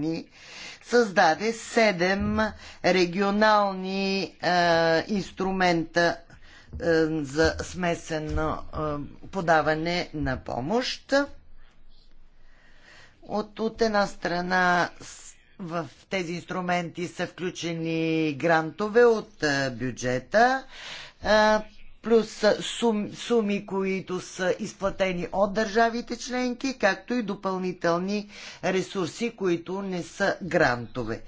ни създаде седем регионални а, е, инструмента а, е, за смесено а, е, подаване на помощ. От, от една страна в тези инструменти са включени грантове от бюджета плюс сум, суми, които са изплатени от държавите членки, както и допълнителни ресурси, които не са грантове.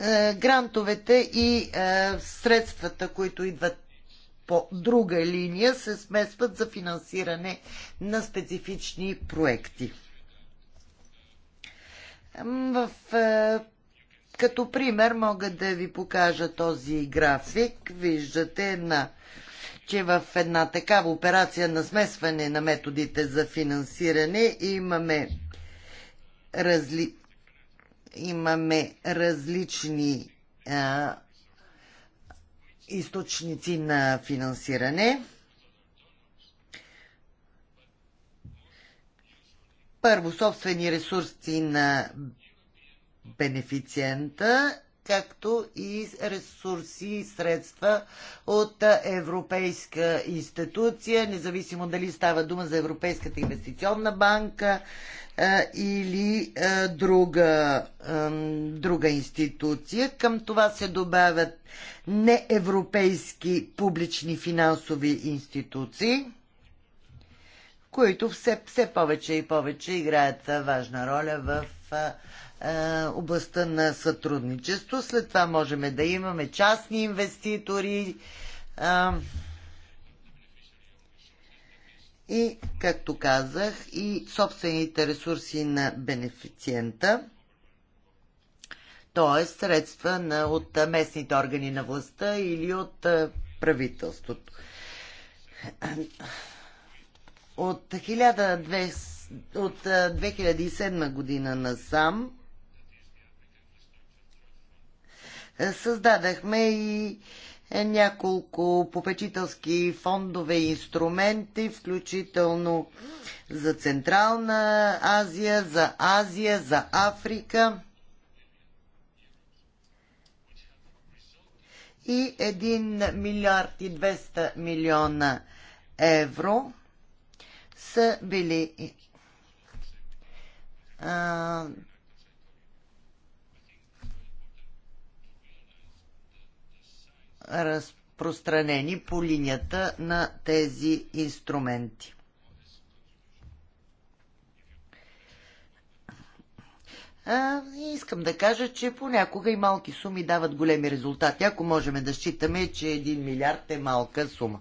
Е, грантовете и е, средствата, които идват по друга линия, се смесват за финансиране на специфични проекти. В е, като пример мога да ви покажа този график. Виждате една че в една такава операция на смесване на методите за финансиране имаме, разли... имаме различни а, източници на финансиране. Първо, собствени ресурси на бенефициента, както и ресурси и средства от европейска институция, независимо дали става дума за Европейската инвестиционна банка а, или а, друга, а, друга институция. Към това се добавят неевропейски публични финансови институции които все, все повече и повече играят важна роля в е, областта на сътрудничество. След това можем да имаме частни инвеститори. Е, и, както казах, и собствените ресурси на бенефициента, т.е. средства на, от местните органи на властта или от е, правителството. От, 1200, от 2007 година насам Създадахме и е, няколко попечителски фондове и инструменти, включително за Централна Азия, за Азия, за Африка. И 1 милиард и 200 милиона евро са били а, разпространени по линията на тези инструменти. А, искам да кажа, че понякога и малки суми дават големи резултати, ако можем да считаме, че 1 милиард е малка сума.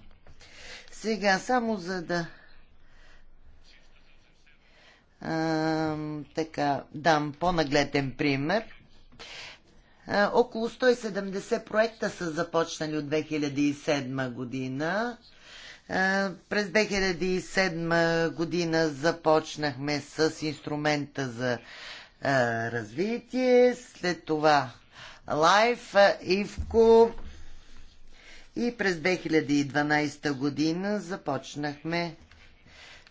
Сега, само за да а, така, дам по-нагледен пример. Е, около 170 проекта са започнали от 2007 година. Е, през 2007 година започнахме с инструмента за е, развитие, след това Лайф, Ивко и през 2012 година започнахме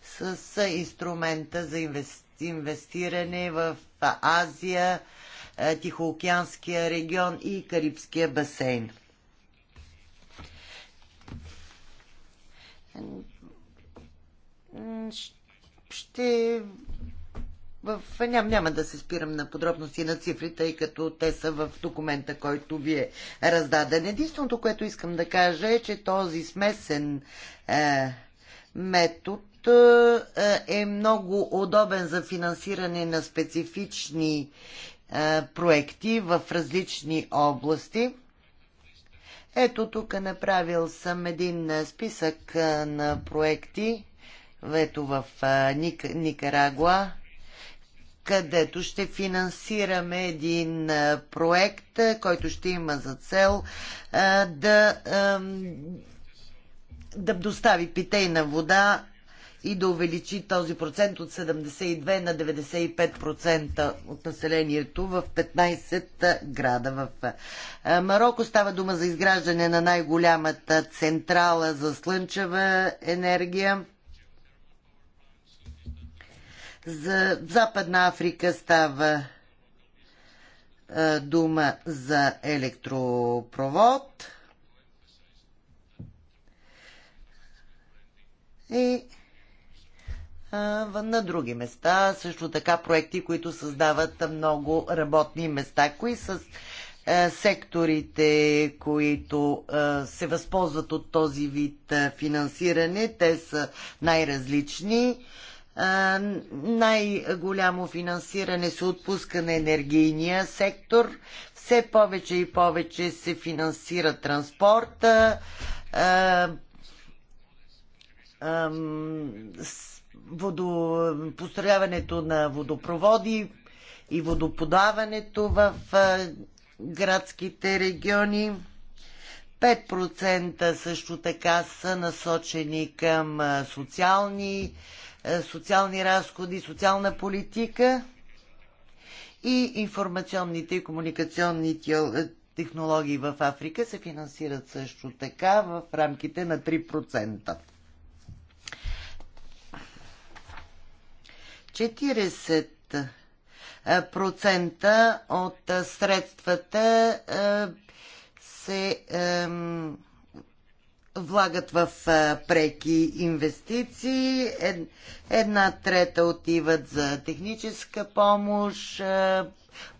с инструмента за инвестиране в Азия, е, Тихоокеанския регион и Карибския басейн. Ще в... Ням, няма да се спирам на подробности на цифрите, тъй като те са в документа, който ви е раздаден. Единственото, което искам да кажа е, че този смесен е, метод е, е много удобен за финансиране на специфични е, проекти в различни области. Ето тук направил съм един е, списък е, на проекти, ето в Никарагуа, където ще финансираме един проект, който ще има за цел да, да достави питейна вода и да увеличи този процент от 72 на 95% от населението в 15 града. В Марокко става дума за изграждане на най-голямата централа за слънчева енергия. За Западна Африка става дума за електропровод. И на други места, също така проекти, които създават много работни места. Кои са секторите, които се възползват от този вид финансиране? Те са най-различни. Най-голямо финансиране се отпуска на енергийния сектор. Все повече и повече се финансира транспорта, водо, построяването на водопроводи и водоподаването в градските региони. 5% също така са насочени към социални, социални разходи, социална политика и информационните и комуникационни технологии в Африка се финансират също така в рамките на 3%. 40 от средствата се влагат в преки инвестиции, една трета отиват за техническа помощ,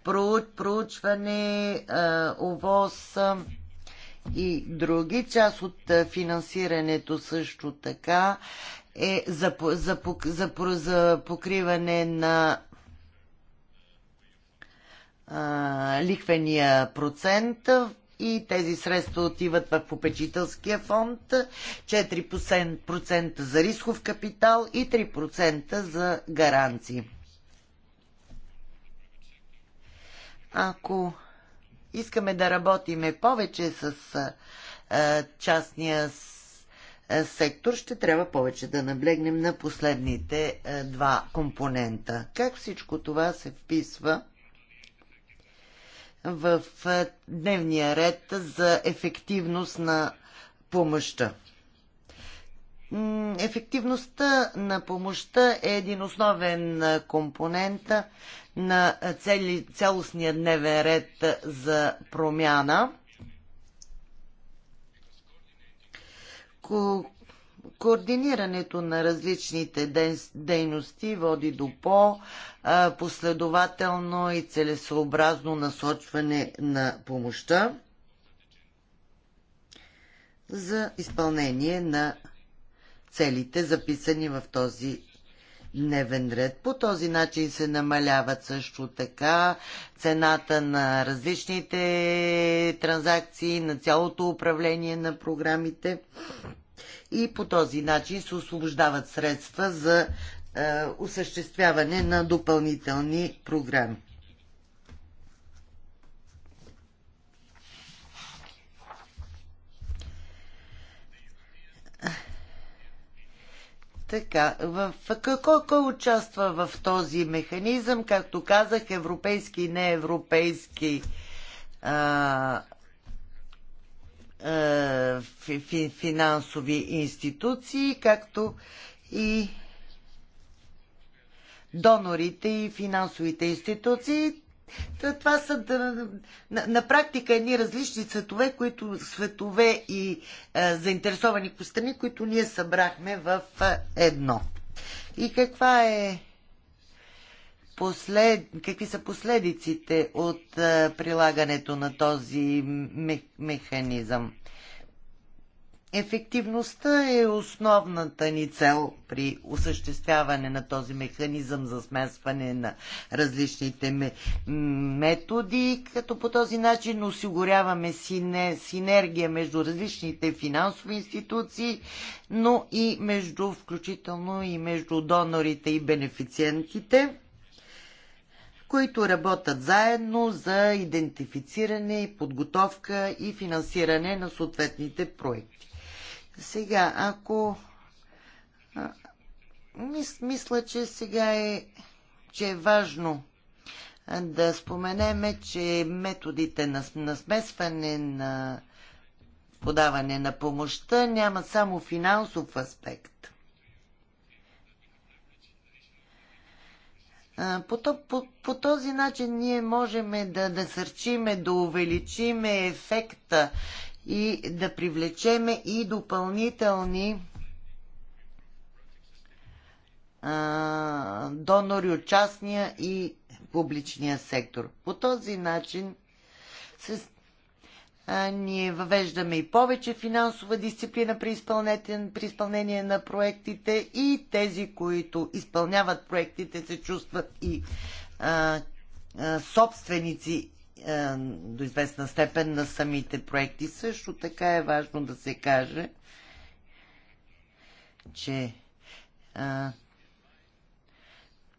проучване, овоз и други. Част от финансирането също така е за, за, за, за покриване на а, лихвения процент и тези средства отиват в попечителския фонд, 4% за рисков капитал и 3% за гаранции. Ако искаме да работиме повече с а, частния е, сектор, ще трябва повече да наблегнем на последните е, два компонента. Как всичко това се вписва в е, дневния ред за ефективност на помощта? Ефективността на помощта е един основен компонент на цели, цялостния дневен ред за промяна ако координирането на различните дейности води до по-последователно и целесообразно насочване на помощта за изпълнение на целите, записани в този дневен ред. По този начин се намаляват също така цената на различните транзакции, на цялото управление на програмите и по този начин се освобождават средства за е, осъществяване на допълнителни програми. Така, в, какво кой участва в този механизъм? Както казах, европейски и неевропейски а, е, финансови институции, както и донорите и финансовите институции. Това са на, на практика едни различни цветове, които светове и е, заинтересовани страни, които ние събрахме в е, едно. И каква е послед... какви са последиците от прилагането на този механизъм. Ефективността е основната ни цел при осъществяване на този механизъм за смесване на различните методи, като по този начин осигуряваме синергия между различните финансови институции, но и между, включително и между донорите и бенефициентите които работят заедно за идентифициране, подготовка и финансиране на съответните проекти. Сега, ако... Мис, мисля, че сега е, че е важно да споменеме, че методите на, на смесване на подаване на помощта няма само финансов аспект. По, по, по този начин ние можем да насърчиме, да, увеличиме ефекта и да привлечеме и допълнителни а, донори от частния и публичния сектор. По този начин се а, ние въвеждаме и повече финансова дисциплина при, при изпълнение на проектите и тези, които изпълняват проектите, се чувстват и а, а, собственици а, до известна степен на самите проекти. Също така е важно да се каже, че а,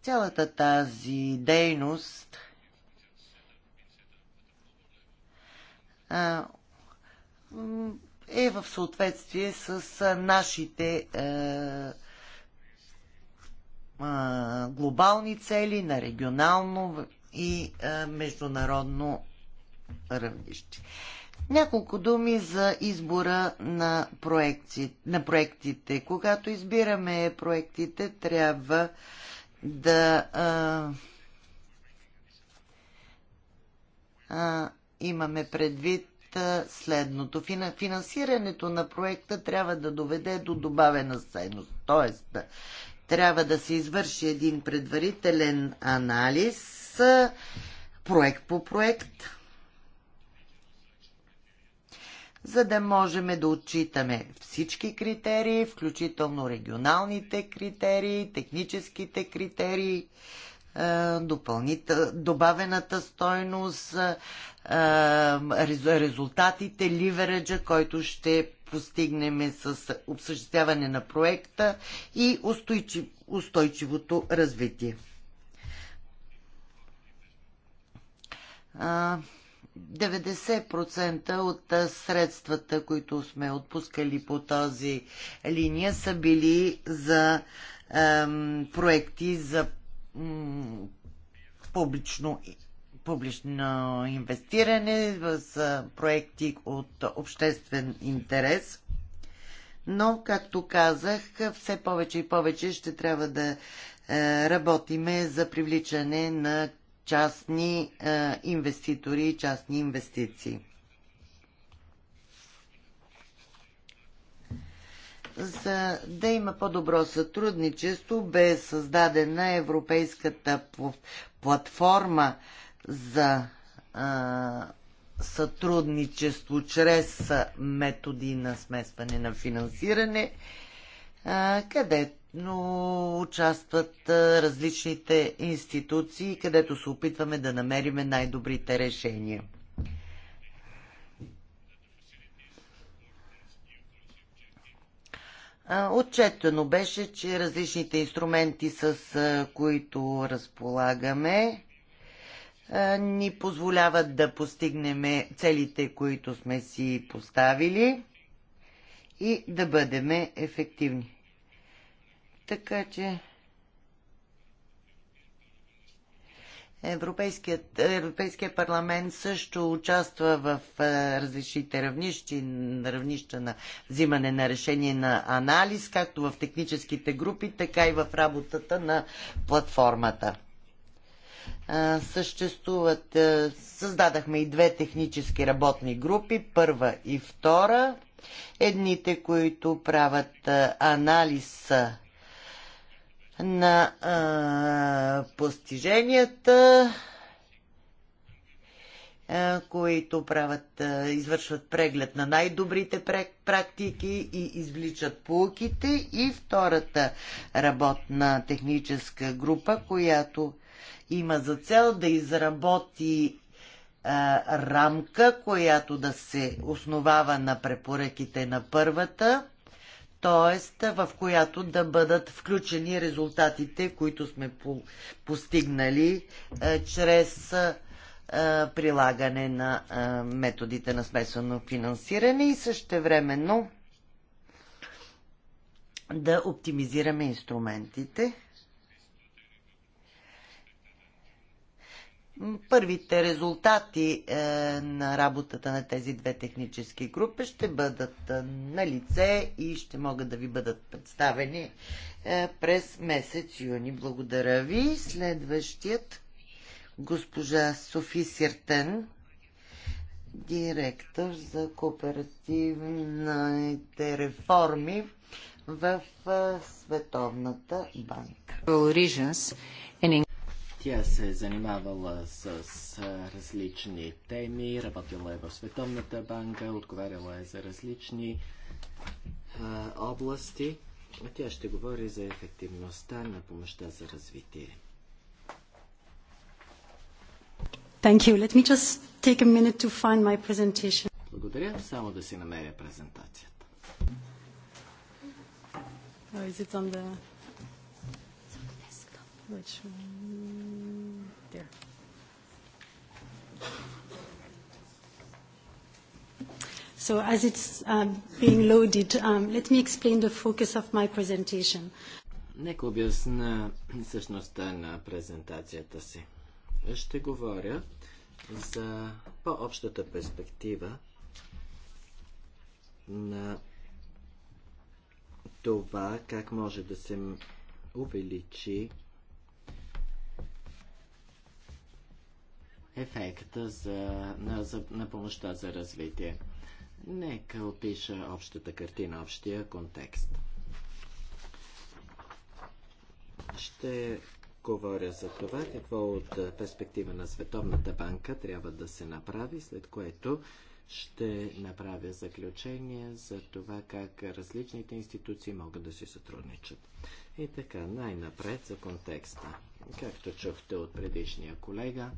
цялата тази дейност – е в съответствие с нашите е, глобални цели на регионално и международно равнище. Няколко думи за избора на, проекти, на проектите. Когато избираме проектите, трябва да а, а, имаме предвид следното. Финансирането на проекта трябва да доведе до добавена стойност. Тоест, трябва да се извърши един предварителен анализ проект по проект, за да можем да отчитаме всички критерии, включително регионалните критерии, техническите критерии, е, добавената стойност, е, е, резултатите, ливереджа, който ще постигнем с обсъществяване на проекта и устойчив, устойчивото развитие. А, 90% от средствата, които сме отпускали по този линия, са били за ем, проекти за публично, публично инвестиране в проекти от обществен интерес. Но, както казах, все повече и повече ще трябва да е, работиме за привличане на частни е, инвеститори и частни инвестиции. за да има по-добро сътрудничество, бе създадена Европейската платформа за а, сътрудничество чрез методи на смесване на финансиране, а, където но участват различните институции, където се опитваме да намериме най-добрите решения. Отчетено беше, че различните инструменти, с които разполагаме, ни позволяват да постигнем целите, които сме си поставили и да бъдем ефективни. Така че Европейският, парламент също участва в различните равнищи, равнища на взимане на решение на анализ, както в техническите групи, така и в работата на платформата. Съществуват, създадахме и две технически работни групи, първа и втора. Едните, които правят анализ на а, постиженията, а, които правят, а, извършват преглед на най-добрите практики и извличат полуките. И втората работна техническа група, която има за цел да изработи а, рамка, която да се основава на препоръките на първата т.е. в която да бъдат включени резултатите, които сме постигнали е, чрез е, прилагане на е, методите на смесено финансиране и същевременно да оптимизираме инструментите. първите резултати е, на работата на тези две технически групи ще бъдат е, на лице и ще могат да ви бъдат представени е, през месец юни. Благодаря ви. Следващият госпожа Софи Сиртен, директор за кооперативните реформи в Световната банка. Тя се е занимавала с различни теми, работила е в Световната банка, отговаряла е за различни а, области. Тя ще говори за ефективността на помощта за развитие. Thank you. Let me just take a minute to find my presentation. Благодаря. Само да си намеря презентацията. Oh, is it on the which there. So as it's um, being loaded, um, let me explain the focus of my presentation. Нека обясна същността на презентацията си. Ще говоря за по-общата перспектива на това как може да се увеличи ефекта за, на, за, на помощта за развитие. Нека опиша общата картина, общия контекст. Ще говоря за това, какво от перспектива на Световната банка трябва да се направи, след което ще направя заключение за това как различните институции могат да си сътрудничат. И така, най-напред за контекста. Както чухте от предишния колега,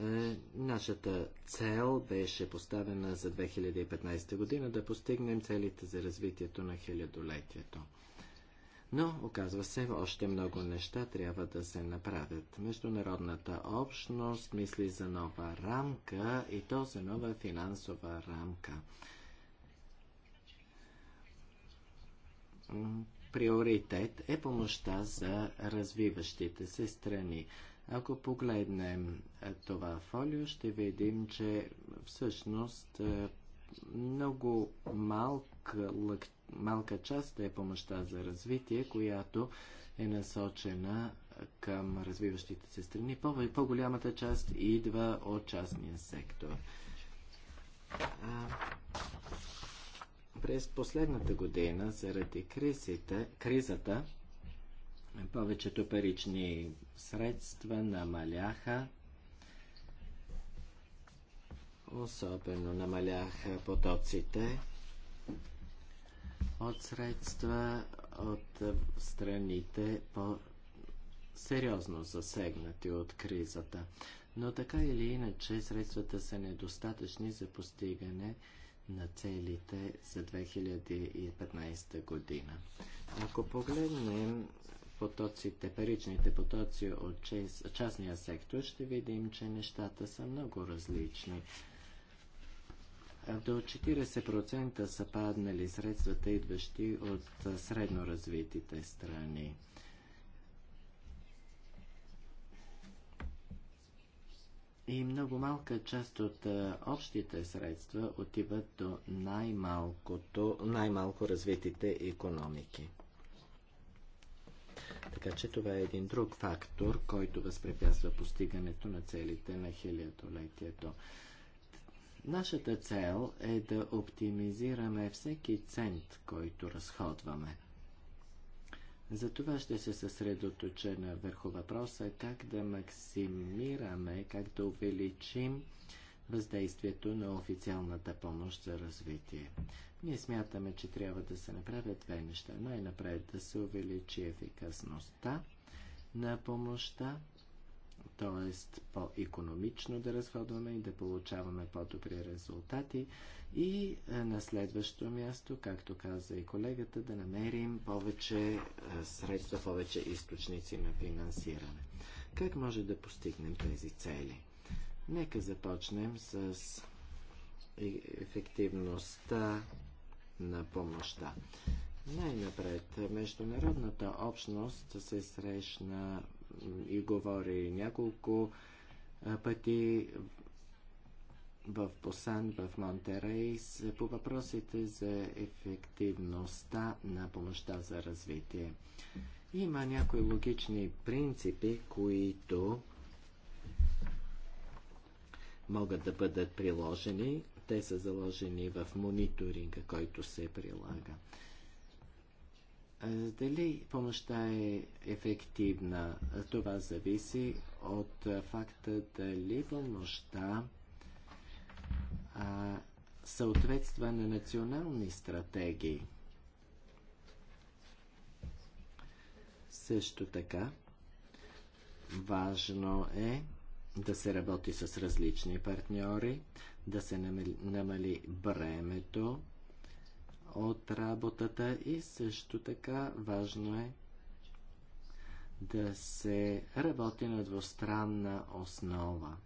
е, нашата цел беше поставена за 2015 година да постигнем целите за развитието на хилядолетието. Но, оказва се, още много неща трябва да се направят. Международната общност мисли за нова рамка и то за нова финансова рамка приоритет е помощта за развиващите се страни. Ако погледнем е, това фолио, ще видим, че всъщност е, много малка, малка част е помощта за развитие, която е насочена е, към развиващите се страни. По-голямата част идва от частния сектор. През последната година, заради кризите, кризата, повечето парични средства намаляха, особено намаляха потоците от средства от страните по сериозно засегнати от кризата. Но така или иначе средствата са недостатъчни за постигане на целите за 2015 година. Ако погледнем потоците, паричните потоци от частния сектор, ще видим, че нещата са много различни. До 40% са паднали средствата, идващи от средно развитите страни. И много малка част от а, общите средства отиват до най-малкото, най-малко развитите економики. Така че това е един друг фактор, който възпрепятства постигането на целите на хилядолетието. Нашата цел е да оптимизираме всеки цент, който разходваме – затова ще се съсредоточа на върху въпроса как да максимираме, как да увеличим въздействието на официалната помощ за развитие. Ние смятаме, че трябва да се направят две неща. Най-напред да се увеличи ефикасността на помощта, т.е. по-економично да разходваме и да получаваме по-добри резултати. И е, на следващо място, както каза и колегата, да намерим повече е, средства, повече източници на финансиране. Как може да постигнем тези цели? Нека започнем с ефективността на помощта. Най-напред, е, международната общност се срещна и говори няколко пъти в Босан, в Монтерей по въпросите за ефективността на помощта за развитие. Има някои логични принципи, които могат да бъдат приложени. Те са заложени в мониторинга, който се прилага. Дали помощта е ефективна, това зависи от факта дали помощта съответства на национални стратегии. Също така, важно е да се работи с различни партньори, да се намали бремето от работата и също така важно е да се работи на двустранна основа.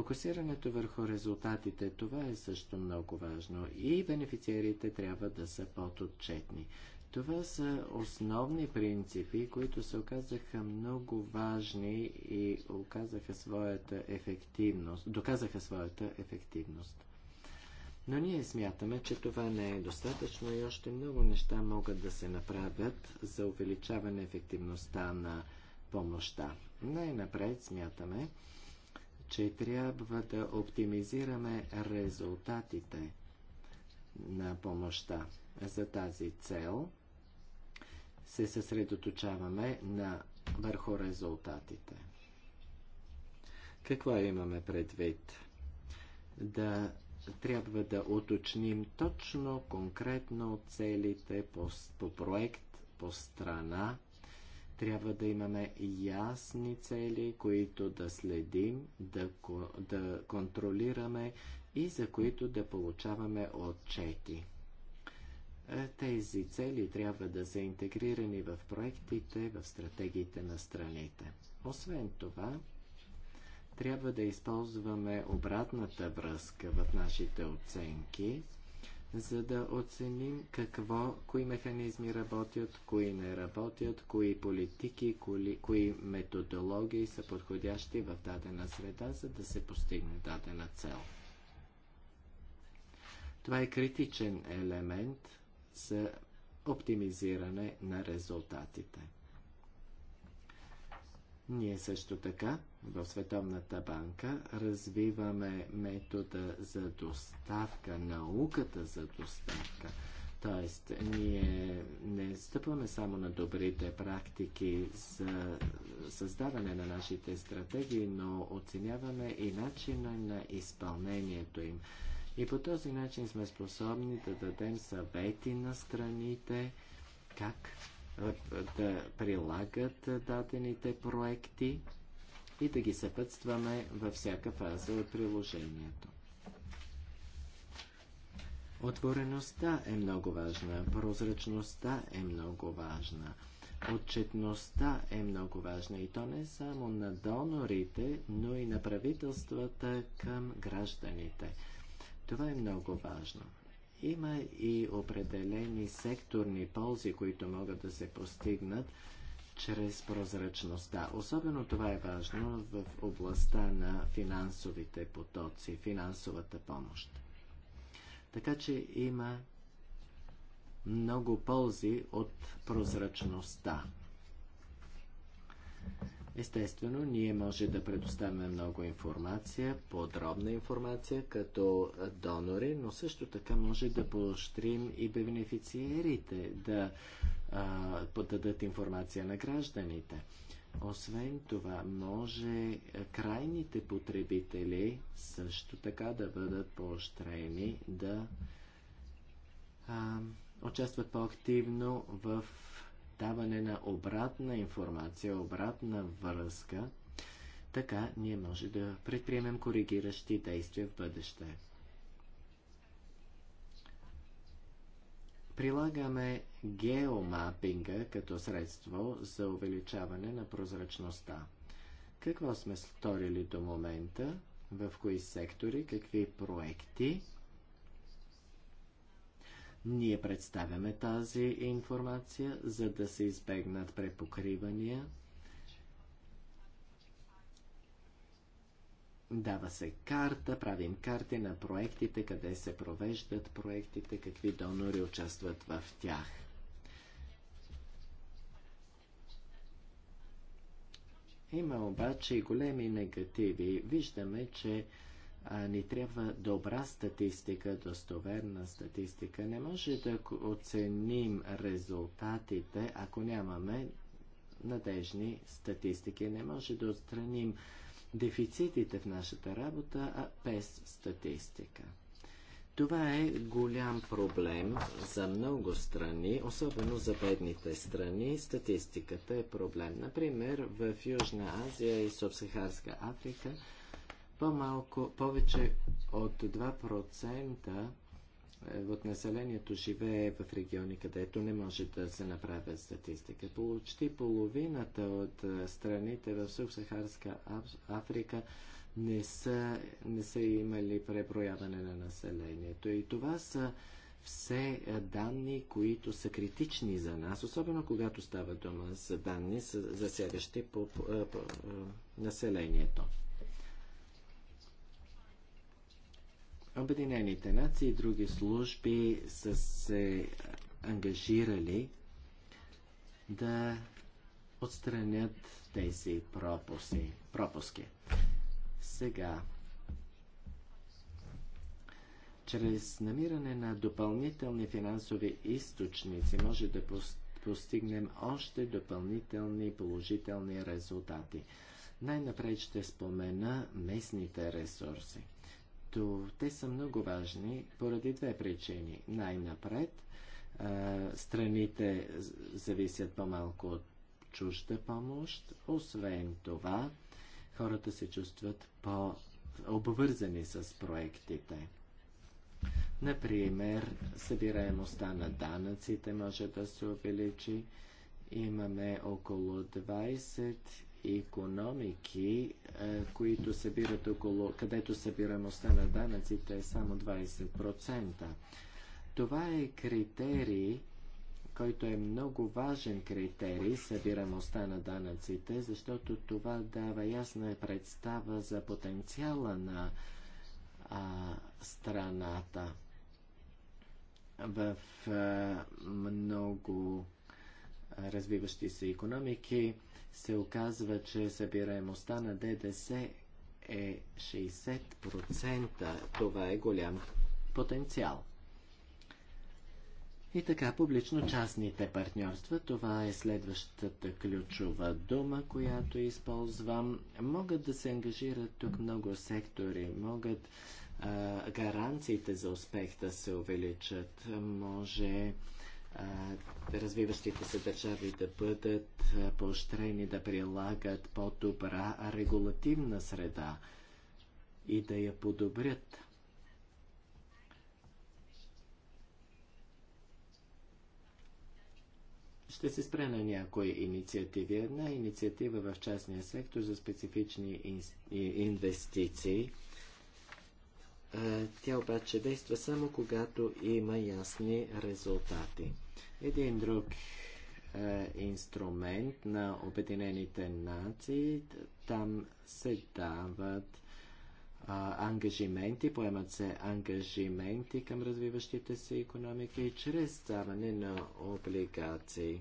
Фокусирането върху резултатите, това е също много важно и бенефициерите трябва да са по-отчетни. Това са основни принципи, които се оказаха много важни и оказаха своята ефективност, доказаха своята ефективност. Но ние смятаме, че това не е достатъчно и още много неща могат да се направят за увеличаване ефективността на помощта. Най-напред смятаме, че трябва да оптимизираме резултатите на помощта. За тази цел се съсредоточаваме на върху резултатите. Какво имаме предвид? Да трябва да уточним точно, конкретно целите по, по проект, по страна, трябва да имаме ясни цели, които да следим, да, да контролираме и за които да получаваме отчети. Е, тези цели трябва да са интегрирани в проектите, в стратегиите на страните. Освен това, трябва да използваме обратната връзка в нашите оценки – за да оценим какво, кои механизми работят, кои не работят, кои политики, кои, кои методологии са подходящи в дадена среда, за да се постигне дадена цел. Това е критичен елемент за оптимизиране на резултатите. Ние също така в Световната банка развиваме метода за доставка, науката за доставка. Тоест, ние не стъпваме само на добрите практики за създаване на нашите стратегии, но оценяваме и начина на изпълнението им. И по този начин сме способни да дадем съвети на страните как да прилагат дадените проекти и да ги съпътстваме във всяка фаза от приложението. Отвореността е много важна, прозрачността е много важна, отчетността е много важна и то не само на донорите, но и на правителствата към гражданите. Това е много важно. Има и определени секторни ползи, които могат да се постигнат чрез прозрачността. Особено това е важно в областта на финансовите потоци, финансовата помощ. Така че има много ползи от прозрачността. Естествено, ние може да предоставяме много информация, подробна информация като донори, но също така може да поощрим и бенефициерите да а, подадат информация на гражданите. Освен това, може крайните потребители също така да бъдат поощрени да а, участват по-активно в даване на обратна информация, обратна връзка, така ние може да предприемем коригиращи действия в бъдеще. Прилагаме геомапинга като средство за увеличаване на прозрачността. Какво сме сторили до момента? В кои сектори? Какви проекти? Ние представяме тази информация, за да се избегнат препокривания. Дава се карта, правим карти на проектите, къде се провеждат проектите, какви донори участват в тях. Има обаче и големи негативи. Виждаме, че а, ни трябва добра статистика, достоверна статистика. Не може да оценим резултатите, ако нямаме надежни статистики. Не може да отстраним дефицитите в нашата работа а без статистика. Това е голям проблем за много страни, особено за бедните страни. Статистиката е проблем. Например, в Южна Азия и Субсахарска Африка – по-малко, повече от 2% е, от населението живее в региони, където не може да се направи статистика. Почти половината от е, страните в Субсахарска Африка не са, не са имали преброяване на населението. И това са все е, данни, които са критични за нас, особено когато става дума за данни, засягащи по, по, по, населението. Обединените нации и други служби са се ангажирали да отстранят тези пропуси, пропуски. Сега, чрез намиране на допълнителни финансови източници може да постигнем още допълнителни положителни резултати. Най-напред ще спомена местните ресурси те са много важни поради две причини. Най-напред, страните зависят по-малко от чужда помощ. Освен това, хората се чувстват по-обвързани с проектите. Например, събираемостта на данъците може да се увеличи. Имаме около 20 економики, е, които събират около, където събираността на данъците е само 20%. Това е критерий, който е много важен критерий, събираността на данъците, защото това дава ясна представа за потенциала на а, страната. В а, много развиващи се економики се оказва, че събираемостта на ДДС е 60%. Това е голям потенциал. И така, публично-частните партньорства, това е следващата ключова дума, която използвам. Могат да се ангажират тук много сектори, могат а, гаранциите за успех да се увеличат, може развиващите се държави да бъдат поощрени да прилагат по-добра регулативна среда и да я подобрят. Ще се спре на някои инициативи. Една инициатива в частния сектор за специфични инвестиции – е, тя обаче действа само когато има ясни резултати. Един друг е, инструмент на Обединените нации, там се дават а, ангажименти, поемат се ангажименти към развиващите се економики чрез ставане на облигации.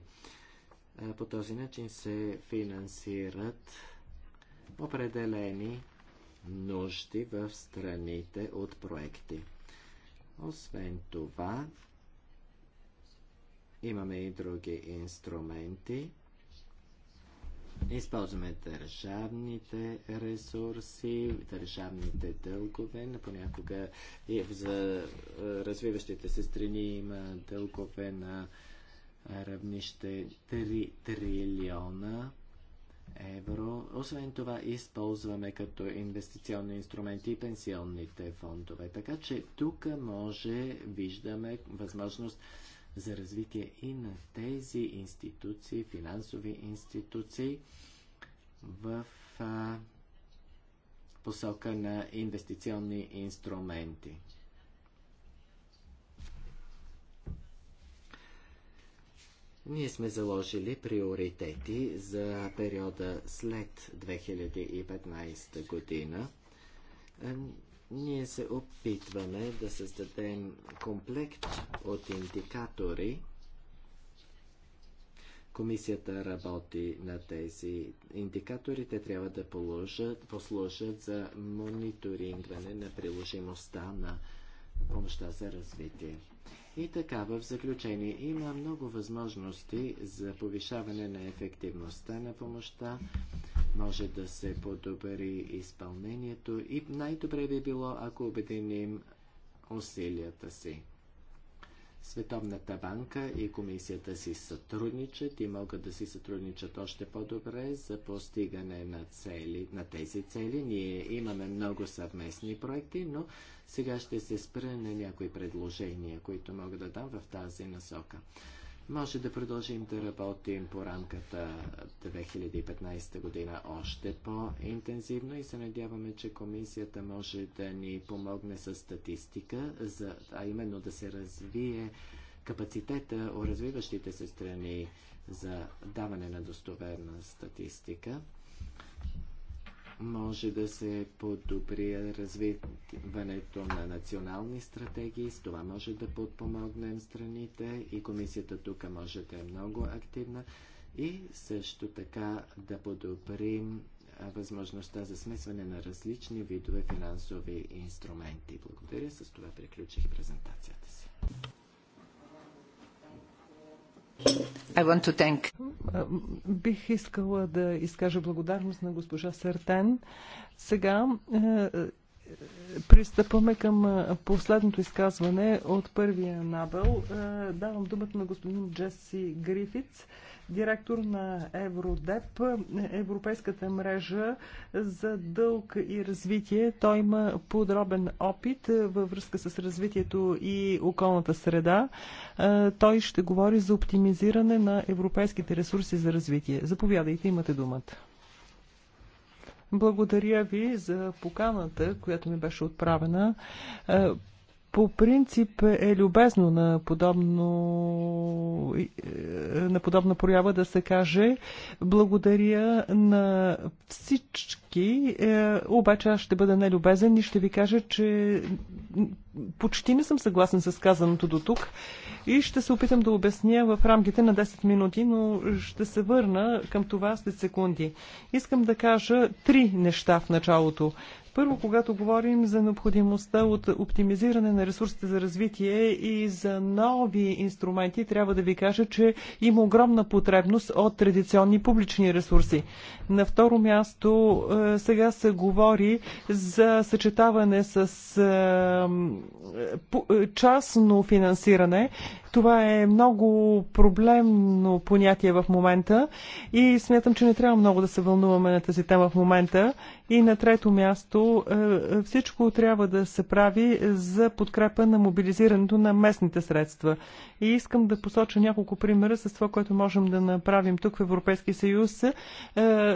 А, е, по този начин се финансират определени нужди в страните от проекти. Освен това, имаме и други инструменти. Използваме държавните ресурси, държавните дългове. Понякога и за е, развиващите се страни има дългове на равнище 3 трилиона евро. Освен това, използваме като инвестиционни инструменти и пенсионните фондове. Така че тук може виждаме възможност за развитие и на тези институции, финансови институции в а, посока на инвестиционни инструменти. Ние сме заложили приоритети за периода след 2015 година. Е, ние се опитваме да създадем комплект от индикатори. Комисията работи на тези индикатори. Те трябва да положат, послужат за мониторингване на приложимостта на помощта за развитие. И така, в заключение, има много възможности за повишаване на ефективността на помощта, може да се подобри изпълнението и най-добре би било, ако обединим усилията си. Световната банка и комисията си сътрудничат и могат да си сътрудничат още по-добре за постигане на, цели, на тези цели. Ние имаме много съвместни проекти, но сега ще се спра на някои предложения, които мога да дам в тази насока. Може да продължим да работим по рамката 2015 година още по-интензивно и се надяваме, че комисията може да ни помогне с статистика, за, а именно да се развие капацитета у развиващите се страни за даване на достоверна статистика. Може да се подобри развиването на национални стратегии, с това може да подпомогнем страните и комисията тук може да е много активна и също така да подобрим възможността за смесване на различни видове финансови инструменти. Благодаря, с това приключих презентацията си. I want to thank. Бих искала да изкажа благодарност на госпожа Сартен. Сега е, Пристъпваме към последното изказване от първия набел. Давам думата на господин Джеси Грифиц, директор на Евродеп, Европейската мрежа за дълг и развитие. Той има подробен опит във връзка с развитието и околната среда. Той ще говори за оптимизиране на европейските ресурси за развитие. Заповядайте, имате думата. Благодаря ви за поканата, която ми беше отправена. Е, по принцип е любезно на, подобно, е, на подобна проява да се каже благодаря на всички, е, обаче аз ще бъда нелюбезен и ще ви кажа, че почти не съм съгласен с казаното до тук и ще се опитам да обясня в рамките на 10 минути, но ще се върна към това след секунди. Искам да кажа три неща в началото. Първо, когато говорим за необходимостта от оптимизиране на ресурсите за развитие и за нови инструменти, трябва да ви кажа, че има огромна потребност от традиционни публични ресурси. На второ място, е, сега се говори за съчетаване с е, е, е, частно финансиране това е много проблемно понятие в момента и смятам, че не трябва много да се вълнуваме на тази тема в момента. И на трето място е, е, всичко трябва да се прави за подкрепа на мобилизирането на местните средства. И искам да посоча няколко примера с това, което можем да направим тук в Европейския съюз, е,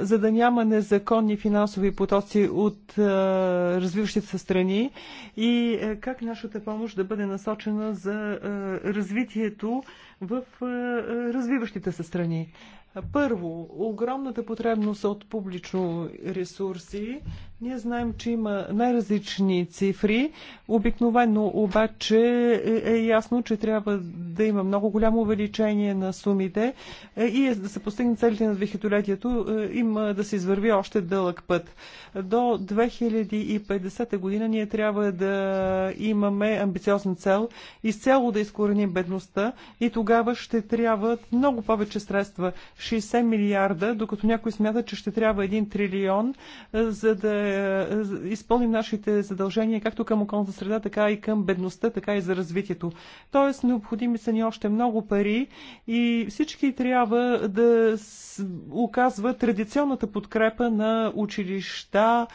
за да няма незаконни финансови потоци от развиващите се страни и как нашата помощ да бъде насочена за развитие развитието в развиващите се страни. Първо, огромната потребност от публично ресурси, ние знаем, че има най-различни цифри. Обикновено обаче е, е ясно, че трябва да има много голямо увеличение на сумите е, и е, да се постигне целите на 2000-летието има да се извърви още дълъг път. До 2050 година ние трябва да имаме амбициозна цел, изцяло да изкореним бедността и тогава ще трябва много повече средства. 60 милиарда, докато някой смята, че ще трябва 1 трилион, за да е, изпълним нашите задължения както към околната среда, така и към бедността, така и за развитието. Тоест, необходими са ни още много пари и всички трябва да оказват традиционната подкрепа на училища,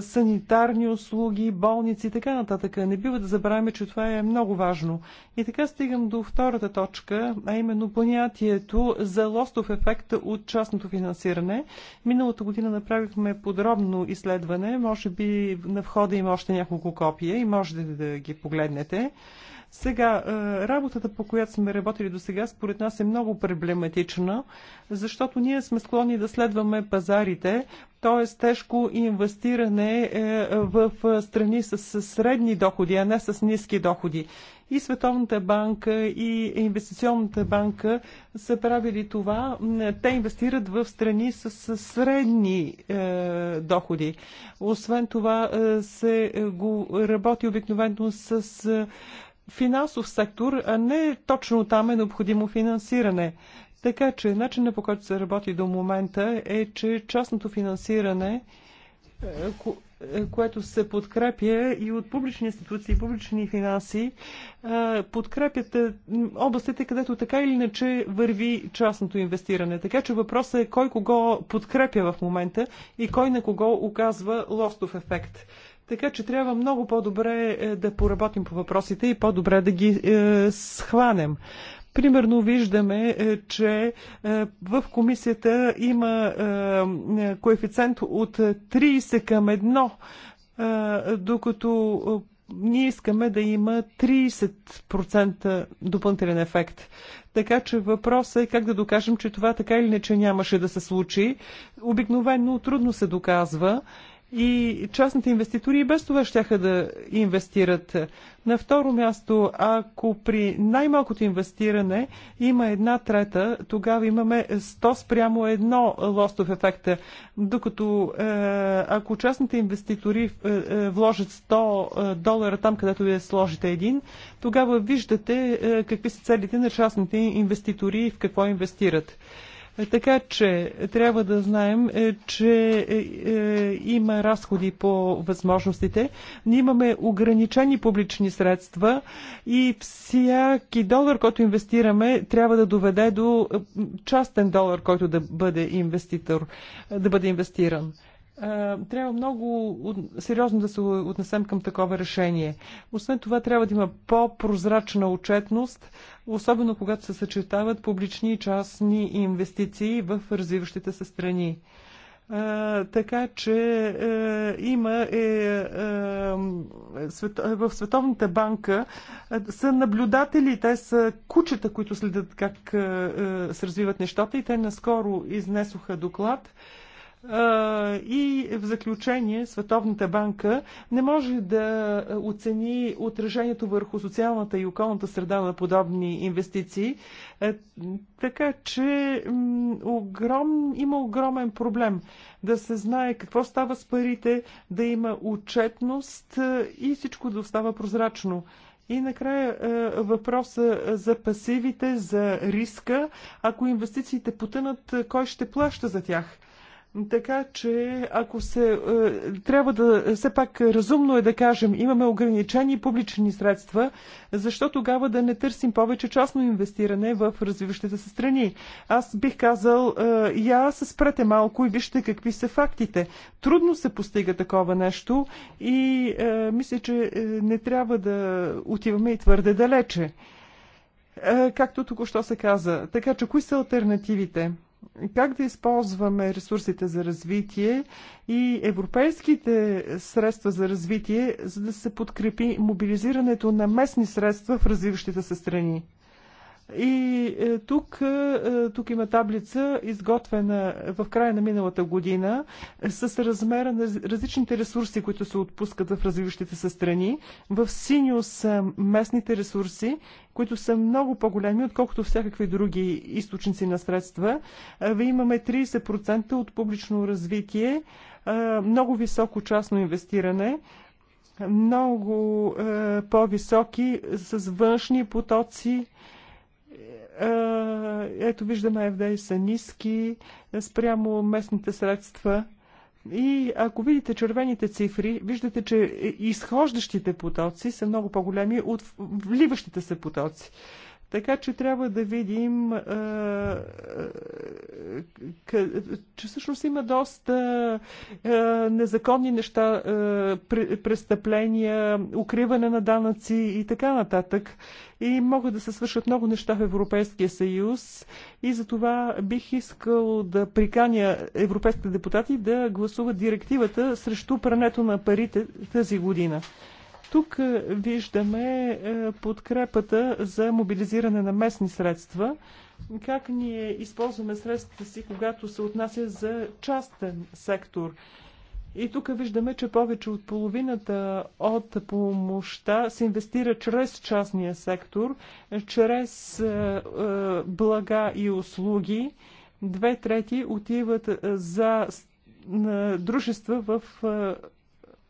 санитарни услуги, болници и така нататък. Не бива да забравяме, че това е много важно. И така стигам до втората точка, а именно понятието за лостов ефект от частното финансиране. Миналата година направихме подробно изследване, може би на входа има още няколко копия и можете да ги погледнете. Сега, е, работата, по която сме работили до сега, според нас е много проблематична, защото ние сме склонни да следваме пазарите, т.е. тежко инвестиране е, в е, страни с средни доходи, а не с ниски доходи. И Световната банка, и Инвестиционната банка са правили това. Те инвестират в страни с средни доходи. Освен това се го работи обикновено с финансов сектор, а не точно там е необходимо финансиране. Така че начинът по който се работи до момента е, че частното финансиране, е, е, което се подкрепя и от публични институции, и публични финанси, е, подкрепят областите, където така или иначе върви частното инвестиране. Така че въпросът е кой кого подкрепя в момента и кой на кого оказва лостов ефект. Така че трябва много по-добре е, да поработим по въпросите и по-добре да ги е, схванем. Примерно виждаме, е, че е, в комисията има коефициент от 30 към 1, докато ние искаме да има 30% допълнителен ефект. Така че въпросът е как да докажем, че това така или не, че нямаше да се случи. Обикновено трудно се доказва и частните инвеститори и без това ще да инвестират. На второ място, ако при най-малкото инвестиране има една трета, тогава имаме 100 спрямо едно лостов ефекта. Докато е, ако частните инвеститори е, е, вложат 100 долара там, където вие сложите един, тогава виждате какви са целите на частните инвеститори и в какво инвестират. Е, така че трябва да знаем, е, че е, има разходи по възможностите. Ние имаме ограничени публични средства и всяки долар, който инвестираме, трябва да доведе до частен долар, който да бъде инвеститор, да бъде инвестиран трябва много сериозно да се отнесем към такова решение. Освен това, трябва да има по-прозрачна отчетност, особено когато се съчетават публични и частни инвестиции в развиващите се страни. А, така че е, има е, е, в Световната банка е, са наблюдатели, те са кучета, които следят как е, е, се развиват нещата и те наскоро изнесоха доклад. Е, и в заключение Световната банка не може да оцени отражението върху социалната и околната среда на подобни инвестиции. Така че огром, има огромен проблем да се знае какво става с парите, да има отчетност и всичко да остава прозрачно. И накрая въпроса за пасивите, за риска. Ако инвестициите потънат, кой ще плаща за тях? Така че, ако се е, трябва да, все пак разумно е да кажем, имаме ограничени публични средства, защо тогава да не търсим повече частно инвестиране в развиващите се страни? Аз бих казал, е, я се спрете малко и вижте какви са фактите. Трудно се постига такова нещо и е, мисля, че е, не трябва да отиваме и твърде далече. Е, както току-що се каза. Така че, кои са альтернативите? как да използваме ресурсите за развитие и европейските средства за развитие, за да се подкрепи мобилизирането на местни средства в развиващите се страни. И е, тук, е, е, тук има таблица, изготвена в края на миналата година, с размера на различните ресурси, които се отпускат в развиващите се страни. В синьо са местните ресурси, които са много по-големи, отколкото всякакви други източници на средства. Е, имаме 30% от публично развитие, много високо частно инвестиране, много по-високи с външни потоци, е, ето виждаме ФДИ са ниски спрямо местните средства. И ако видите червените цифри, виждате, че изхождащите потоци са много по-големи от вливащите се потоци. Така че трябва да видим, е, е, че всъщност има доста незаконни неща, престъпления, укриване на данъци и така нататък и могат да се свършат много неща в Европейския съюз и за това бих искал да приканя европейските депутати да гласуват директивата срещу прането на парите тази година. Тук е, виждаме е, подкрепата за мобилизиране на местни средства. Как ние използваме средствата си, когато се отнася за частен сектор – и тук виждаме, че повече от половината от помощта се инвестира чрез частния сектор, чрез е, е, блага и услуги. Две трети отиват е, за дружества в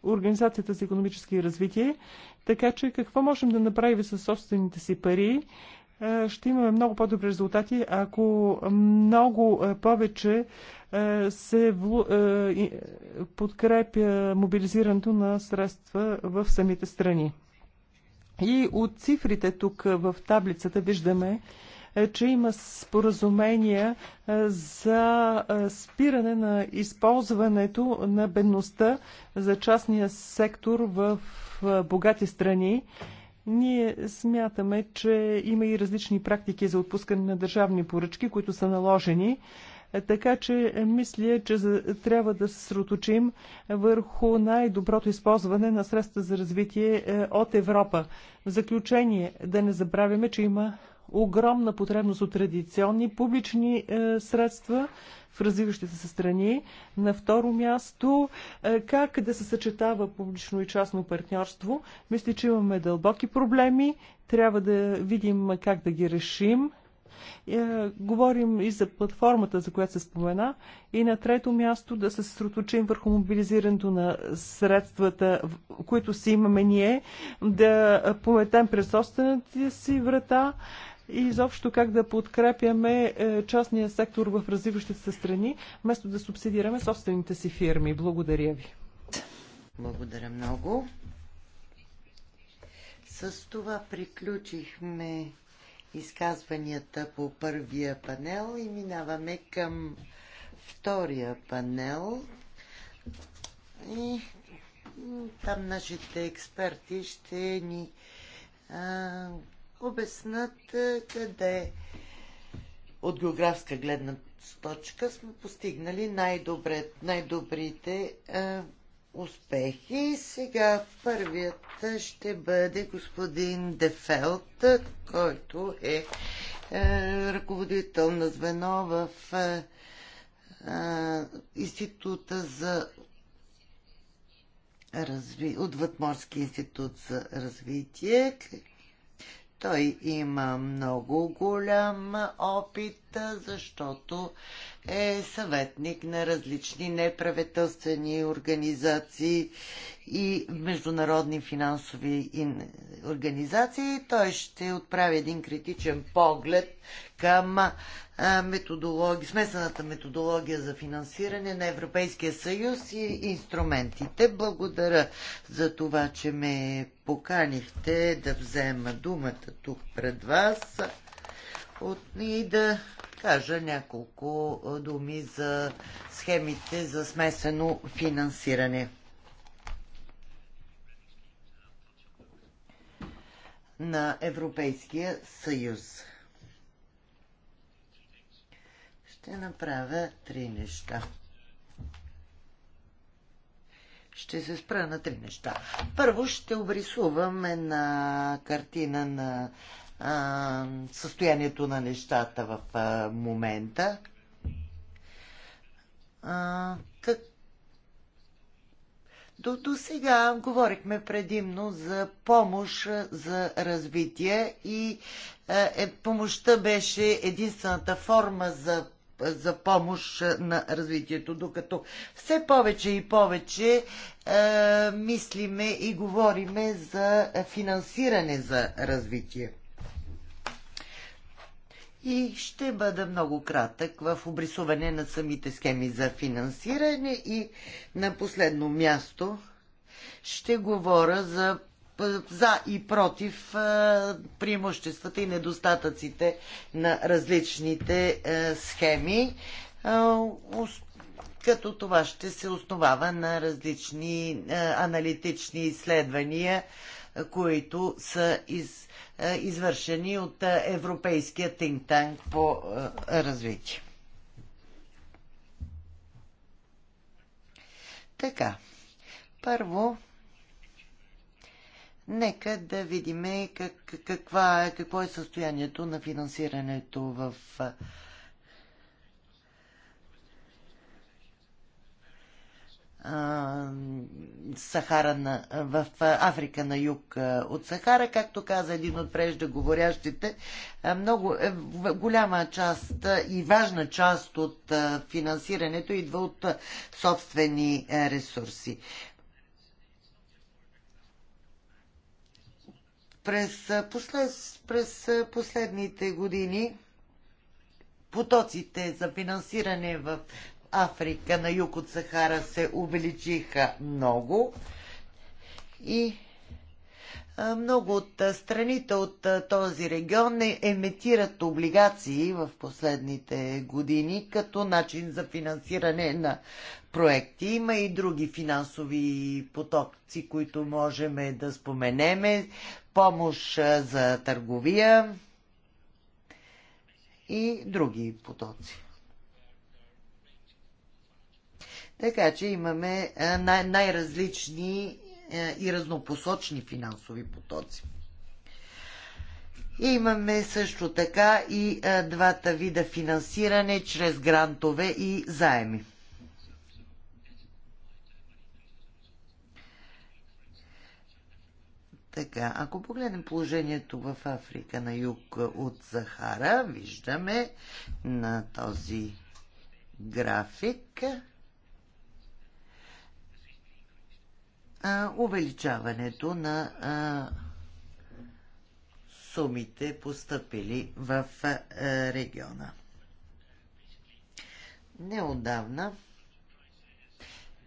Организацията за економически развитие. Така че какво можем да направим със собствените си пари? Е, ще имаме много по-добри резултати, ако много е, повече е, се подкрепя мобилизирането на средства в самите страни. И от цифрите тук в таблицата виждаме, че има споразумения за спиране на използването на бедността за частния сектор в богати страни. Ние смятаме, че има и различни практики за отпускане на държавни поръчки, които са наложени. Така че е, мисля, че трябва да се сроточим върху най-доброто използване на средства за развитие е, от Европа. В заключение, да не забравяме, че има огромна потребност от традиционни публични е, средства в развиващите се страни. На второ място, е, как да се съчетава публично и частно партньорство. Мисля, че имаме дълбоки проблеми. Трябва да видим как да ги решим. Е, говорим и за платформата, за която се спомена. И на трето място да се съсредоточим върху мобилизирането на средствата, които си имаме ние, да пометем през собствената си врата, и изобщо как да подкрепяме е, частния сектор в развиващите се страни, вместо да субсидираме собствените си фирми. Благодаря ви. Благодаря много. С това приключихме изказванията по първия панел и минаваме към втория панел. И там нашите експерти ще ни а, обяснат е, къде от географска гледна точка сме постигнали най най-добрите е, успехи. Сега първият ще бъде господин Дефелт, който е, е ръководител на звено в е, е Института за разви... Отвъдморски институт за развитие, той има много голям опит, защото е съветник на различни неправителствени организации и международни финансови организации. Той ще отправи един критичен поглед към методологи, смесената методология за финансиране на Европейския съюз и инструментите. Благодаря за това, че ме поканихте да взема думата тук пред вас от, и да кажа няколко думи за схемите за смесено финансиране. на Европейския съюз. Ще направя три неща. Ще се спра на три неща. Първо ще обрисувам една картина на а, състоянието на нещата в а, момента. А, как до, до сега говорихме предимно за помощ за развитие и е, помощта беше единствената форма за за помощ на развитието, докато все повече и повече е, мислиме и говориме за финансиране за развитие и ще бъда много кратък в обрисуване на самите схеми за финансиране и на последно място ще говоря за за и против преимуществата и недостатъците на различните схеми, като това ще се основава на различни аналитични изследвания които са из, е, извършени от е, Европейския think tank по е, развитие. Така, първо, нека да видим как, каква, какво е състоянието на финансирането в Сахара на, в Африка на юг от Сахара. Както каза един от преждеговорящите, много е, голяма част и важна част от финансирането идва от собствени ресурси. През, послед, през последните години потоците за финансиране в Африка, на юг от Сахара се увеличиха много и много от страните от този регион емитират облигации в последните години като начин за финансиране на проекти. Има и други финансови потоци, които можем да споменеме. Помощ за търговия и други потоци. Така че имаме е, най- различни е, и разнопосочни финансови потоци. Имаме също така и е, двата вида финансиране чрез грантове и заеми. Така, ако погледнем положението в Африка на юг от Сахара, виждаме на този график, а, увеличаването на а, сумите постъпили в а, региона. Неодавна,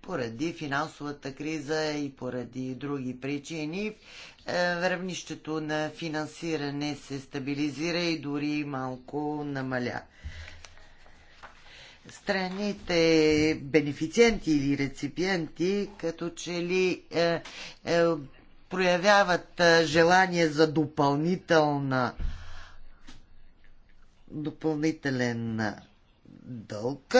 поради финансовата криза и поради други причини, е, равнището на финансиране се стабилизира и дори малко намаля страните бенефициенти или реципиенти, като че ли е, е, проявяват е, желание за допълнителна допълнителен е, дълг.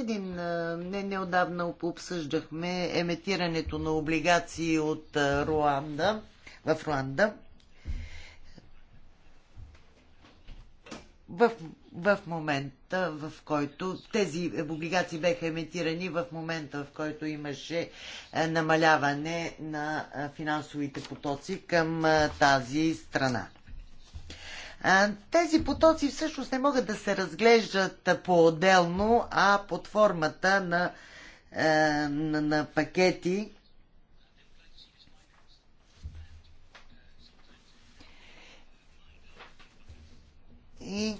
Един е, не неодавна обсъждахме емитирането на облигации от Руанда в Руанда. в, в момента, в който тези облигации беха емитирани, в момента, в който имаше е, намаляване на е, финансовите потоци към е, тази страна. Тези потоци всъщност не могат да се разглеждат по-отделно, а под формата на, на, на пакети и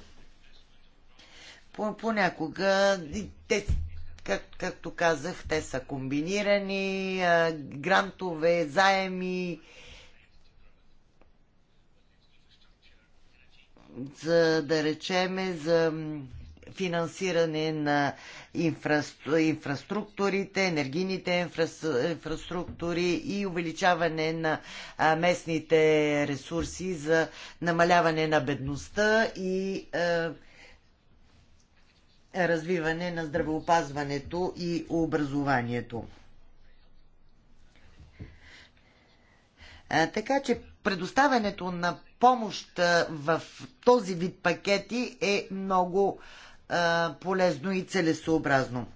понякога те, как, както казах, те са комбинирани, грантове, заеми за да речеме за финансиране на инфраструктурите, енергийните инфраструктури и увеличаване на местните ресурси за намаляване на бедността и развиване на здравеопазването и образованието. Така че предоставянето на помощ в този вид пакети е много а, полезно и целесообразно.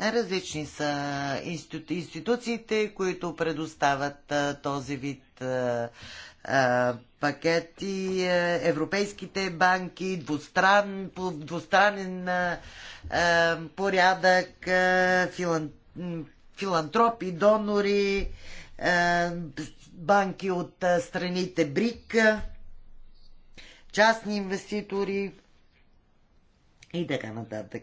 Различни са институ... институциите, които предоставят а, този вид а, а, пакети, а, европейските банки, двустран, по, двустранен а, порядък, а, филан, филантропи, донори, а, банки от а, страните БРИК. А, частни инвеститори и така нататък.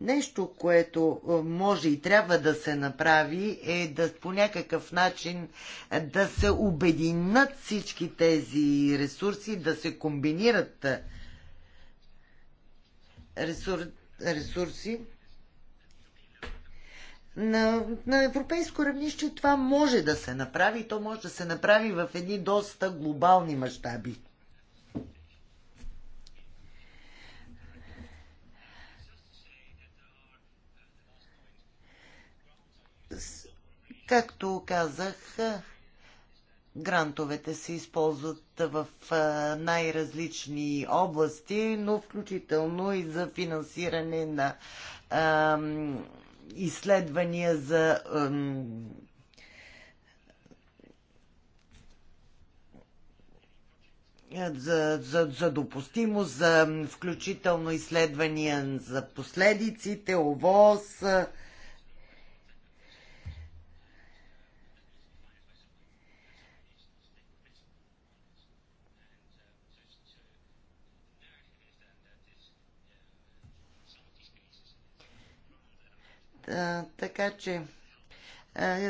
Нещо, което е, може и трябва да се направи е да по някакъв начин е, да се обединят всички тези ресурси, да се комбинират е, ресур... ресурси. На, на европейско равнище това може да се направи, то може да се направи в едни доста глобални мащаби. Както казах, грантовете се използват в най-различни области, но включително и за финансиране на изследвания за за, за, за допустимост, за включително изследвания за последиците, ОВОС, така че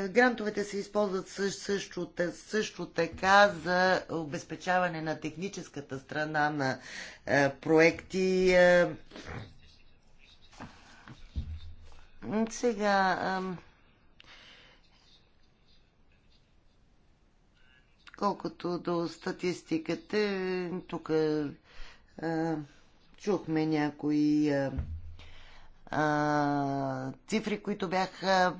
Грантовете се използват също, също така за обезпечаване на техническата страна на проекти. Сега. Колкото до статистиката, тук чухме някои цифри, които бяха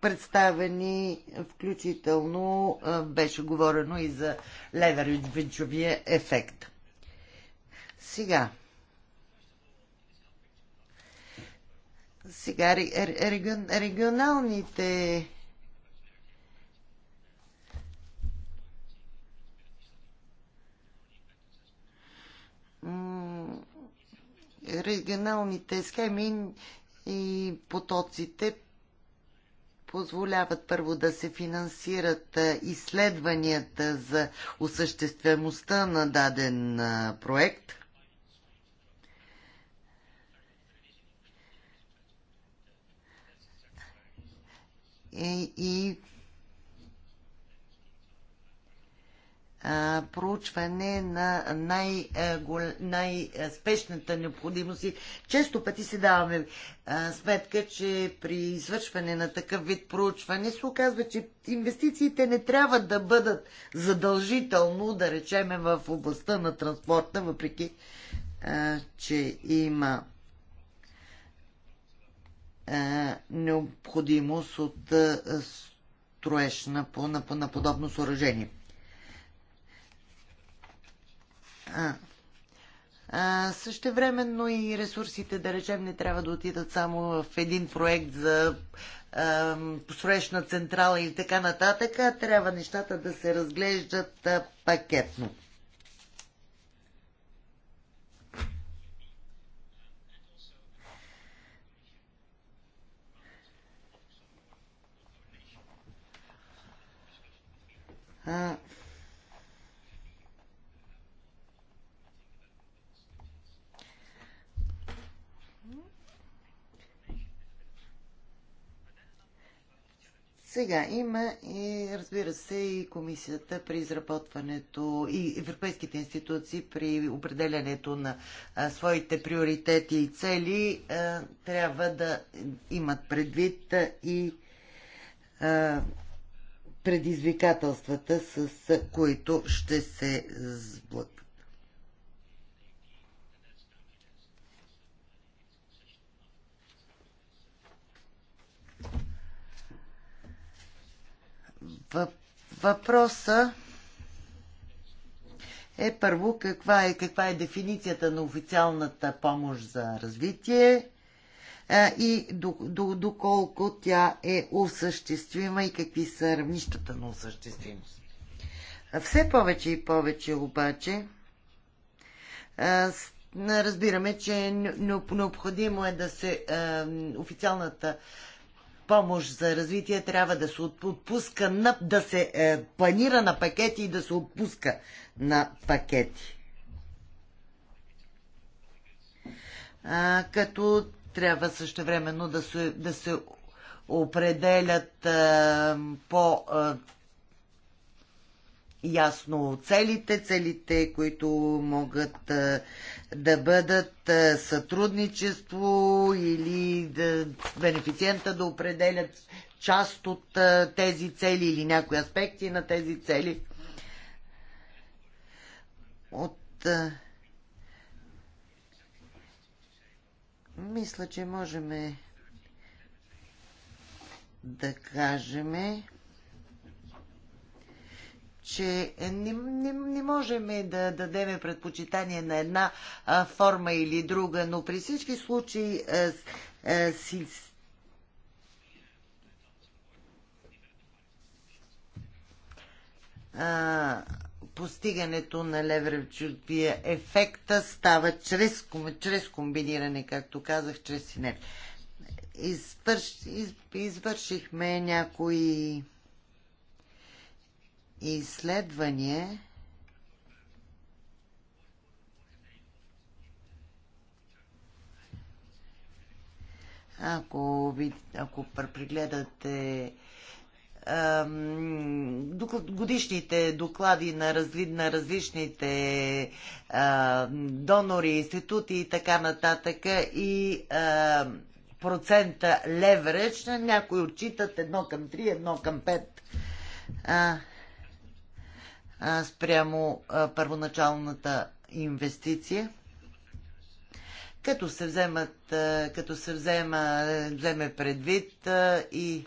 представени, включително а, беше говорено и за левериджовия ефект. Сега. Сега регион, регионалните регионалните схеми и потоците позволяват първо да се финансират изследванията за осъществеността на даден проект. Е, и, и проучване на най- е, най-спешната необходимост. И често пъти си даваме сметка, че при извършване на такъв вид проучване се оказва, че инвестициите не трябва да бъдат задължително, да речеме, в областта на транспорта, въпреки че има необходимост от строеж на подобно съоръжение. Също времено и ресурсите, да речем, не трябва да отидат само в един проект за посрещна централа или така нататък, а трябва нещата да се разглеждат а, пакетно. А, Сега има и, разбира се, и комисията при изработването и европейските институции при определянето на а, своите приоритети и цели а, трябва да имат предвид а, и а, предизвикателствата, с които ще се сблъкват. Въпроса е първо каква е, каква е дефиницията на официалната помощ за развитие и доколко тя е осъществима и какви са равнищата на осъществимост. Все повече и повече обаче разбираме, че необходимо е да се официалната помощ за развитие трябва да се отпуска, на, да се е, планира на пакети и да се отпуска на пакети. А, като трябва също времено да се, да се определят а, е, по а, е, ясно целите, целите, които могат да бъдат сътрудничество или да, бенефициента да определят част от тези цели или някои аспекти на тези цели. От мисля, че можем да кажем, че не, не, не можем да дадеме предпочитание на една а, форма или друга, но при всички случаи а, а, си, а, постигането на левречупия ефекта става чрез, чрез комбиниране, както казах, чрез синергия. Извърш, из, извършихме някои Изследвания, ако, ви, ако прегледате годишните доклади на, разли, на различните а, донори, институти и така нататък и а, процента леверидж, някои отчитат едно към 3, едно към 5. А, спрямо първоначалната инвестиция като се вземат, като се взема, вземе предвид и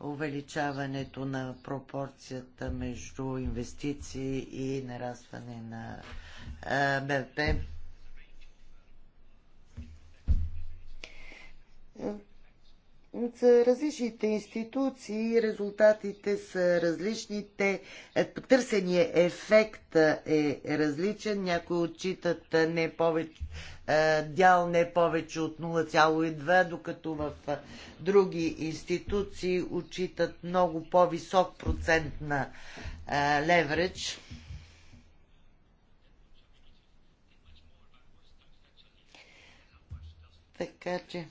увеличаването на пропорцията между инвестиции и нарастване на БВП. са различните институции резултатите са различните. Е, търсения ефект е различен. Някои отчитат е, не повече, е, дял не повече от 0,2, докато в други институции отчитат много по-висок процент на левредж. Така че.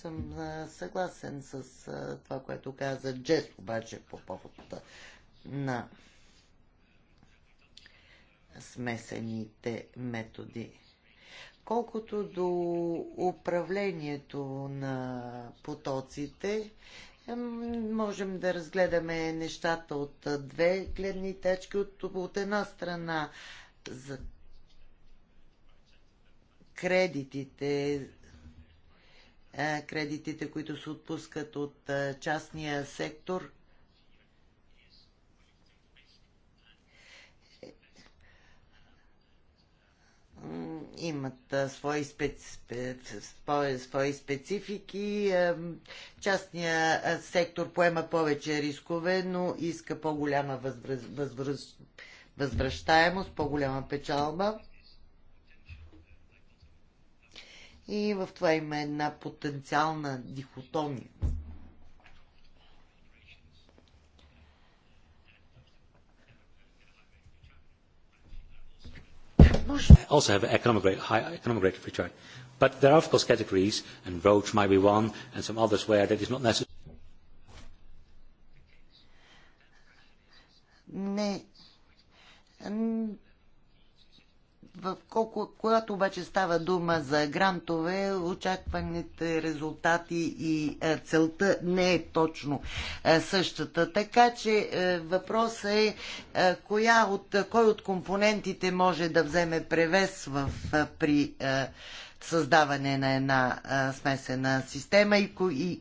съм съгласен с това, което каза Джес, обаче по повод на смесените методи. Колкото до управлението на потоците, можем да разгледаме нещата от две гледни точки. От, от една страна за кредитите е, кредитите, които се отпускат от е, частния сектор. имат е, свои, специ... свои специфики. частния сектор поема повече рискове, но иска по-голяма възвръз... възвръщаемост, по-голяма печалба. И в това има една потенциална дихотомия. also have economic rate, high economic rate of return. But there are, of course, categories, and Roach might be one, and some others where that is not necessary. Не в колко, когато обаче става дума за грантове, очакваните резултати и е, целта не е точно е, същата. Така че е, въпросът е коя от, кой от компонентите може да вземе превес в, при създаване на една смесена система и, и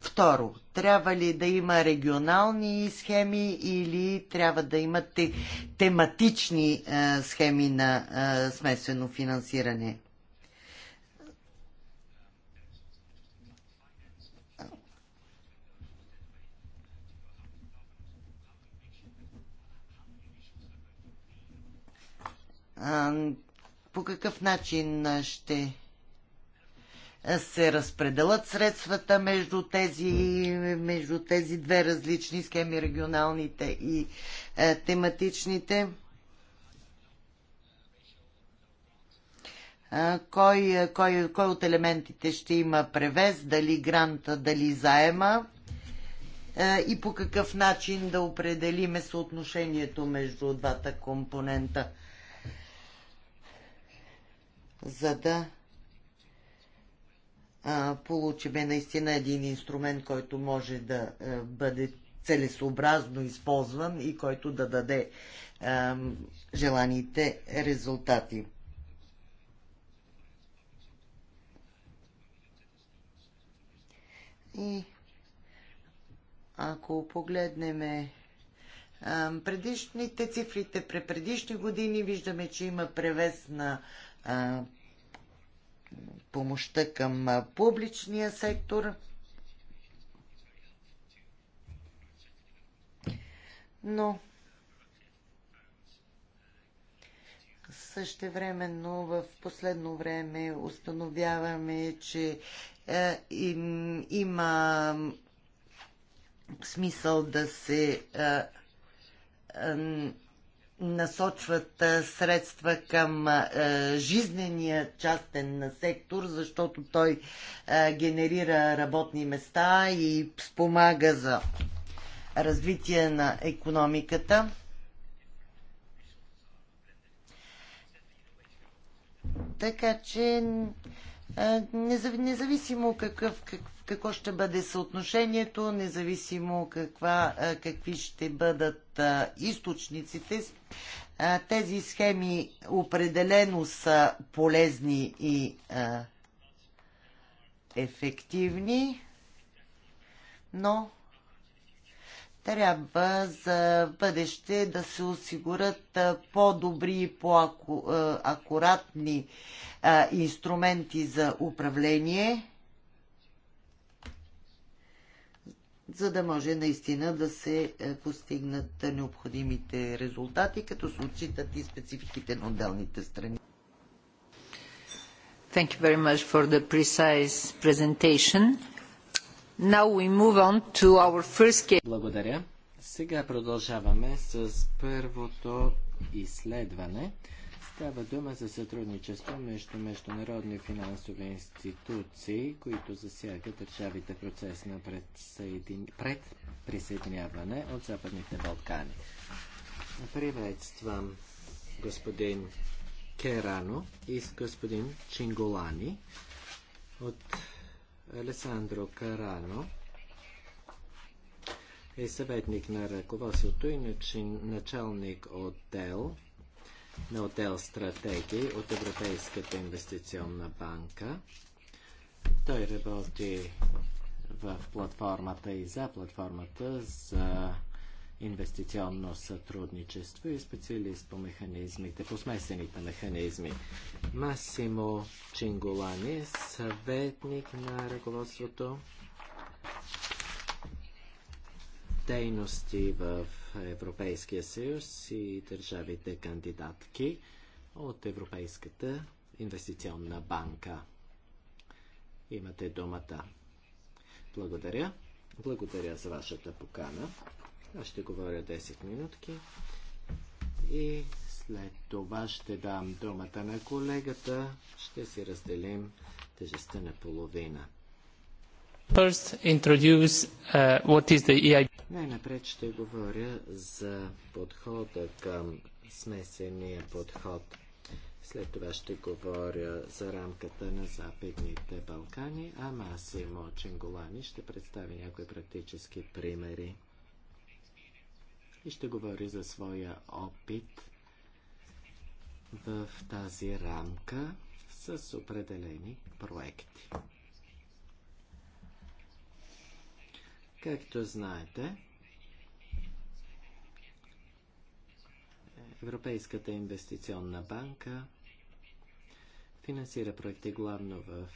Второ, трябва ли да има регионални схеми или трябва да има тематични е, схеми на е, смесено финансиране? по какъв начин ще се разпределят средствата между тези, между тези две различни схеми, регионалните и е, тематичните. Кой, кой, кой от елементите ще има превес, дали гранта, дали заема е, и по какъв начин да определиме съотношението между двата компонента, за да получиме наистина един инструмент, който може да бъде целесообразно използван и който да даде желаните резултати. И ако погледнем предишните цифрите, при предишни години виждаме, че има превес на помощта към публичния сектор. Но Същевременно в последно време установяваме, че е, им, има смисъл да се е, е, насочват средства към е, жизнения частен сектор, защото той генерира работни места и спомага за развитие на економиката. Така че независимо какъв, какъв какво ще бъде съотношението, независимо каква, какви ще бъдат източниците. Тези схеми определено са полезни и ефективни, но трябва за бъдеще да се осигурят по-добри и по-акуратни инструменти за управление за да може наистина да се е, постигнат необходимите резултати, като се отчитат и спецификите на отделните страни. Thank you very much for the precise presentation. Now we move on to our first case. Благодаря. Сега продължаваме с първото изследване. Става дума за сътрудничество между международни финансови институции, които засягат държавите процес на предсъедин... предприсъединяване от Западните Балкани. Приветствам господин Керано и господин Чинголани от Алесандро Карано е съветник на ръководството и начин... началник отдел на отдел стратегии от Европейската инвестиционна банка. Той работи в платформата и за платформата за инвестиционно сътрудничество и специалист по механизмите, по смесените механизми. Масимо Чингулани, е съветник на ръководството дейности в Европейския съюз и държавите кандидатки от Европейската инвестиционна банка. Имате думата. Благодаря. Благодаря за вашата покана. Аз ще говоря 10 минутки и след това ще дам думата на колегата. Ще си разделим тежестта на половина. First, introduce uh, what is the EIB. Най-напред ще говоря за подхода към смесения подход. След това ще говоря за рамката на Западните Балкани, а Масимо Ченгулани ще представи някои практически примери и ще говори за своя опит в тази рамка с определени проекти. Както знаете, Европейската инвестиционна банка финансира проекти главно в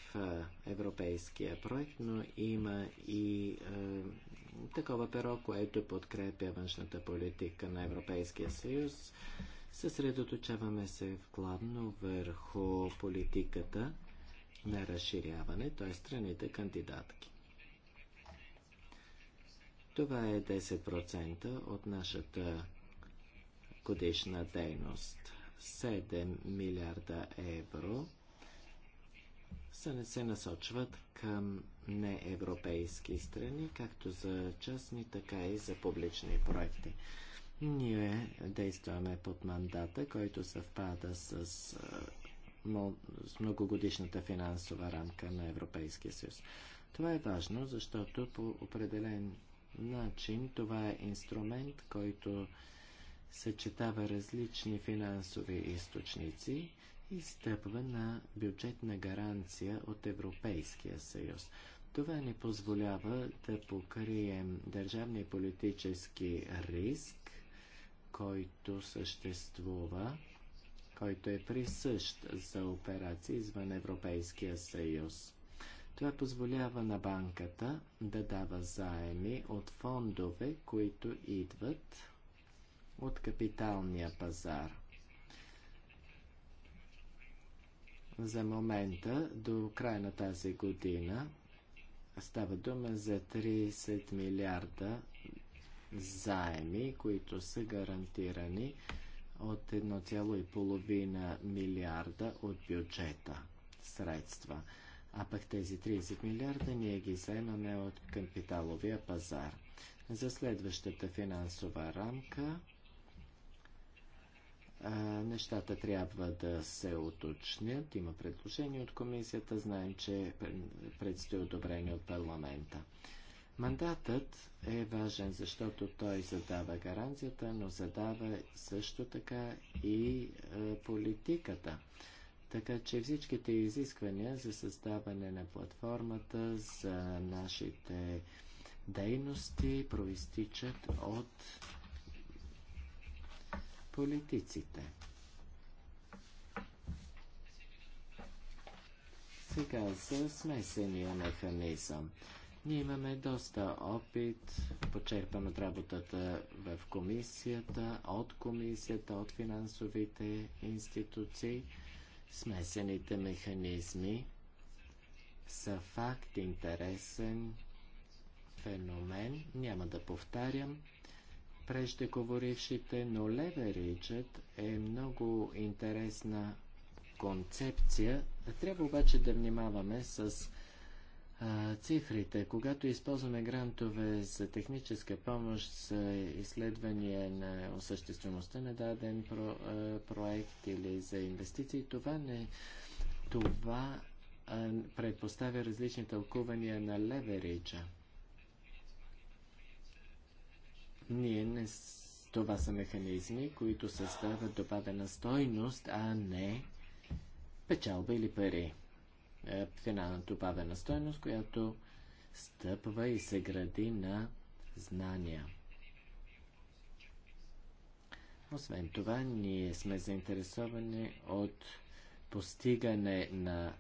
европейския проект, но има и е, такова перо, което подкрепя външната политика на Европейския съюз. Съсредоточаваме се главно върху политиката на разширяване, т.е. страните кандидатки. Това е 10% от нашата годишна дейност. 7 милиарда евро се, се насочват към неевропейски страни, както за частни, така и за публични проекти. Ние действаме под мандата, който съвпада с, с многогодишната финансова рамка на Европейския съюз. Това е важно, защото по определен начин. Това е инструмент, който съчетава различни финансови източници и стъпва на бюджетна гаранция от Европейския съюз. Това ни позволява да покрием държавния политически риск, който съществува, който е присъщ за операции извън Европейския съюз. Това позволява на банката да дава заеми от фондове, които идват от капиталния пазар. За момента, до края на тази година, става дума за 30 милиарда заеми, които са гарантирани от 1,5 милиарда от бюджета средства – а пък тези 30 милиарда ние ги заемаме от капиталовия пазар. За следващата финансова рамка а, нещата трябва да се уточнят. Има предложение от комисията. Знаем, че предстои одобрение от парламента. Мандатът е важен, защото той задава гаранцията, но задава също така и е, политиката. Така че всичките изисквания за създаване на платформата, за нашите дейности проистичат от политиците. Сега за смесения механизъм. Ние имаме доста опит, почерпан от работата в комисията, от комисията, от финансовите институции – Смесените механизми са факт, интересен феномен. Няма да повтарям преждеговорившите, но левериджът е много интересна концепция. Трябва обаче да внимаваме с цифрите. Когато използваме грантове за техническа помощ, за изследване на осъществеността на даден про, а, проект или за инвестиции, това не. Това а, предпоставя различни тълкувания на левериджа. Ние не. Това са механизми, които създават добавена стойност, а не печалба или пари финал е добавена стойност, която стъпва и се гради на знания. Освен това, ние сме заинтересовани от постигане на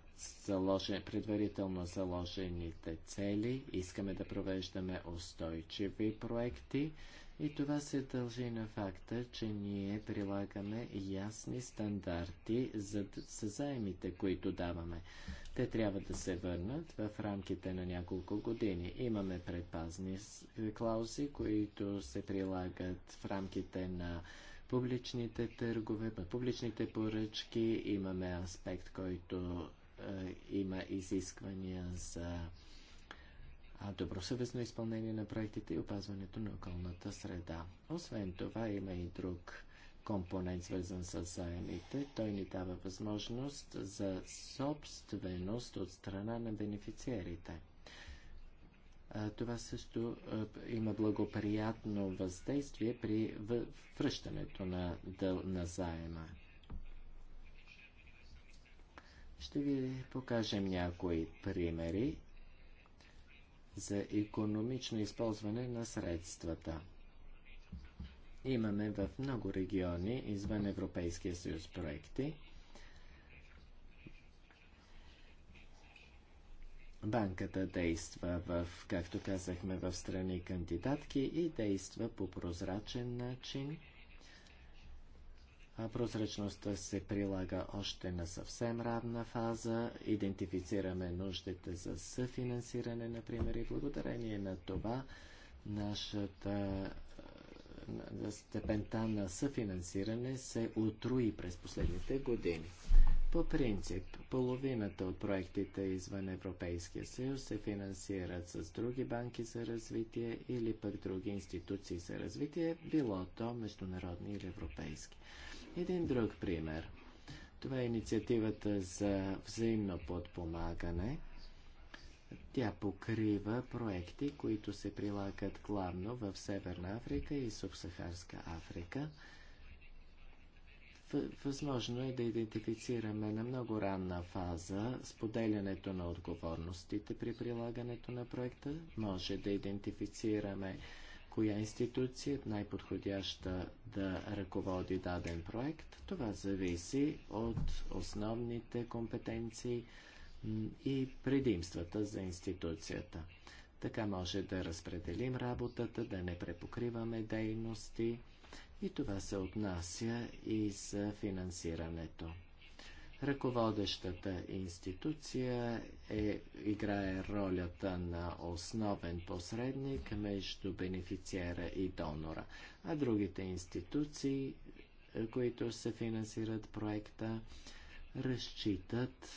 заложен, предварително заложените цели. Искаме да провеждаме устойчиви проекти и това се дължи на факта, че ние прилагаме ясни стандарти за, за заемите, които даваме. Те трябва да се върнат в рамките на няколко години. Имаме предпазни клаузи, които се прилагат в рамките на публичните търгове, на публичните поръчки. Имаме аспект, който е, има изисквания за добросъвестно изпълнение на проектите и опазването на околната среда. Освен това има и друг компонент, свързан с заемите. Той ни дава възможност за собственост от страна на бенефициерите. Това също има благоприятно въздействие при връщането на, дъл, на заема. Ще ви покажем някои примери за економично използване на средствата. Имаме в много региони извън Европейския съюз проекти. Банката действа в, както казахме, в страни кандидатки и действа по прозрачен начин – Прозрачността се прилага още на съвсем равна фаза. Идентифицираме нуждите за съфинансиране, например, и благодарение на това нашата степента на съфинансиране се отруи през последните години. По принцип, половината от проектите извън Европейския съюз се финансират с други банки за развитие или пък други институции за развитие, било то международни или европейски. Един друг пример. Това е инициативата за взаимно подпомагане. Тя покрива проекти, които се прилагат главно в Северна Африка и Субсахарска Африка. Възможно е да идентифицираме на много ранна фаза споделянето на отговорностите при прилагането на проекта. Може да идентифицираме коя институция е най-подходяща да ръководи даден проект. Това зависи от основните компетенции и предимствата за институцията. Така може да разпределим работата, да не препокриваме дейности и това се отнася и за финансирането. Ръководещата институция е, играе ролята на основен посредник между бенефициера и донора, а другите институции, е, които се финансират проекта, разчитат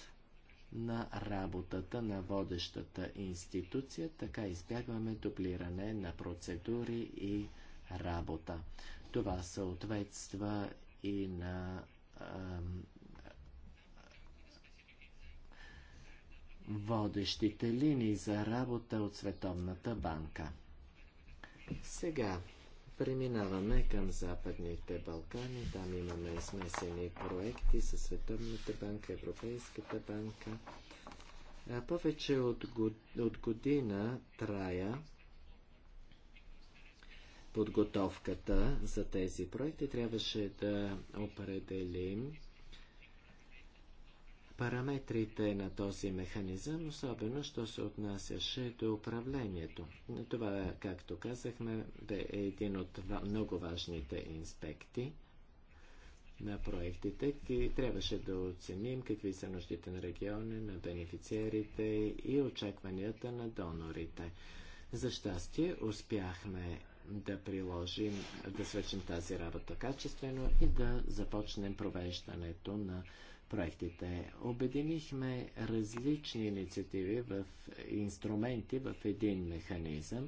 на работата на водещата институция, така избягваме дублиране на процедури и работа. Това съответства и на водещите линии за работа от Световната банка. Сега преминаваме към Западните Балкани. Там имаме смесени проекти със Световната банка, Европейската банка. А повече от, от година трая подготовката за тези проекти. Трябваше да определим параметрите на този механизъм, особено що се отнасяше до управлението. Това, както казахме, бе един от много важните инспекти на проектите и трябваше да оценим какви са нуждите на региона, на бенефициерите и очакванията на донорите. За щастие успяхме да приложим, да свършим тази работа качествено и да започнем провеждането на проектите. Обединихме различни инициативи в инструменти в един механизъм.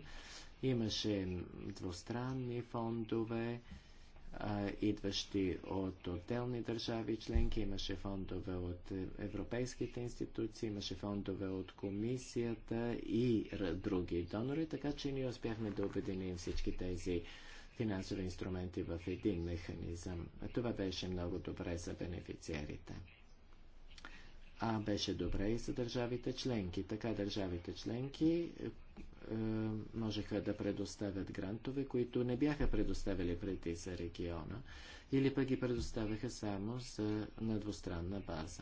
Имаше двустранни фондове, идващи от отделни държави членки, имаше фондове от европейските институции, имаше фондове от комисията и други донори, така че ние успяхме да обединим всички тези финансови инструменти в един механизъм. Това беше много добре за бенефициарите. А беше добре и за държавите членки. Така държавите членки е, можеха да предоставят грантове, които не бяха предоставили преди за региона, или пък ги предоставяха само за, на двустранна база.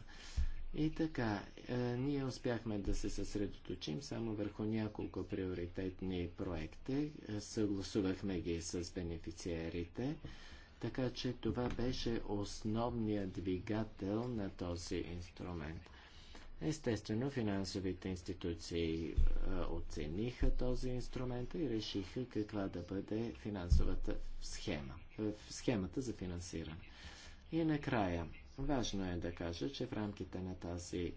И така, е, ние успяхме да се съсредоточим само върху няколко приоритетни проекти. Е, съгласувахме ги с бенефициерите, така че това беше основният двигател на този инструмент. Естествено, финансовите институции е, оцениха този инструмент и решиха каква да бъде финансовата схема, схемата за финансиране. И накрая, Важно е да кажа, че в рамките на тази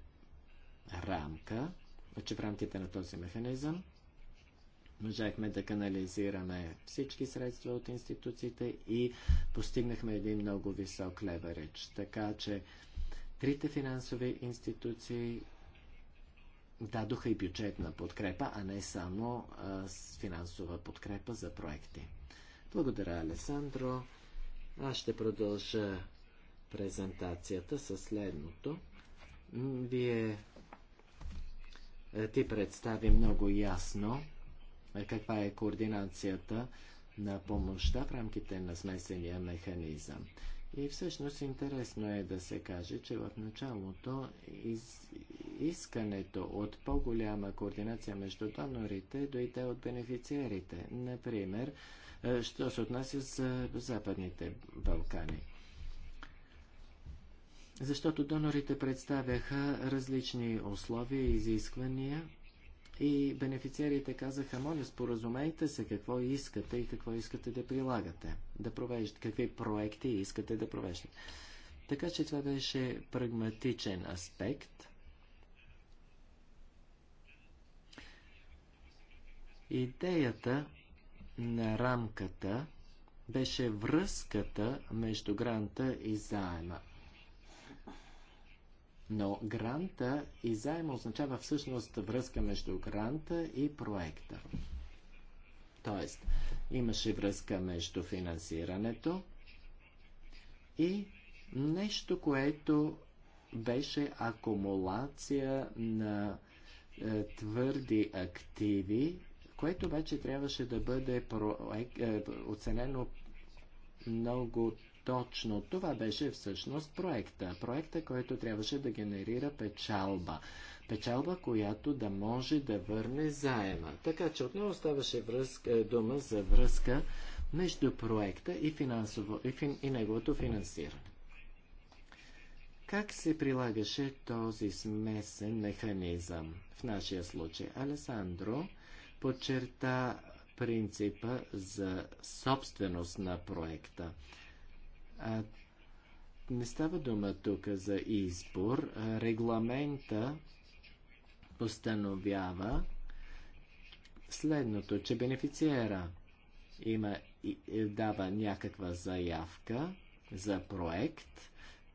рамка, че в рамките на този механизъм, можахме да канализираме всички средства от институциите и постигнахме един много висок леверидж. Така че трите финансови институции дадоха и бюджетна подкрепа, а не само а, с финансова подкрепа за проекти. Благодаря, Алесандро. Аз ще продължа презентацията със следното. Вие е, ти представи много ясно е, каква е координацията на помощта в рамките на смесения механизъм. И всъщност интересно е да се каже, че в началото из... искането от по-голяма координация между донорите дойде от бенефициерите. Например, е, що се отнася за Западните Балкани. Защото донорите представяха различни условия и изисквания и бенефициерите казаха, моля, споразумейте се какво искате и какво искате да прилагате, да провеждате, какви проекти искате да провеждате. Така че това беше прагматичен аспект. Идеята на рамката беше връзката между гранта и заема. Но гранта и заема означава всъщност връзка между гранта и проекта. Тоест, имаше връзка между финансирането и нещо, което беше акумулация на е, твърди активи, което вече трябваше да бъде проект, е, оценено много точно това беше всъщност проекта. Проекта, който трябваше да генерира печалба. Печалба, която да може да върне заема. Така че отново ставаше връзка, е, дума за връзка между проекта и, финансово, и, фин, и неговото финансиране. Как се прилагаше този смесен механизъм в нашия случай? Алесандро подчерта принципа за собственост на проекта. А, не става дума тук за избор. Регламента постановява следното, че бенефициера има, е, дава някаква заявка за проект,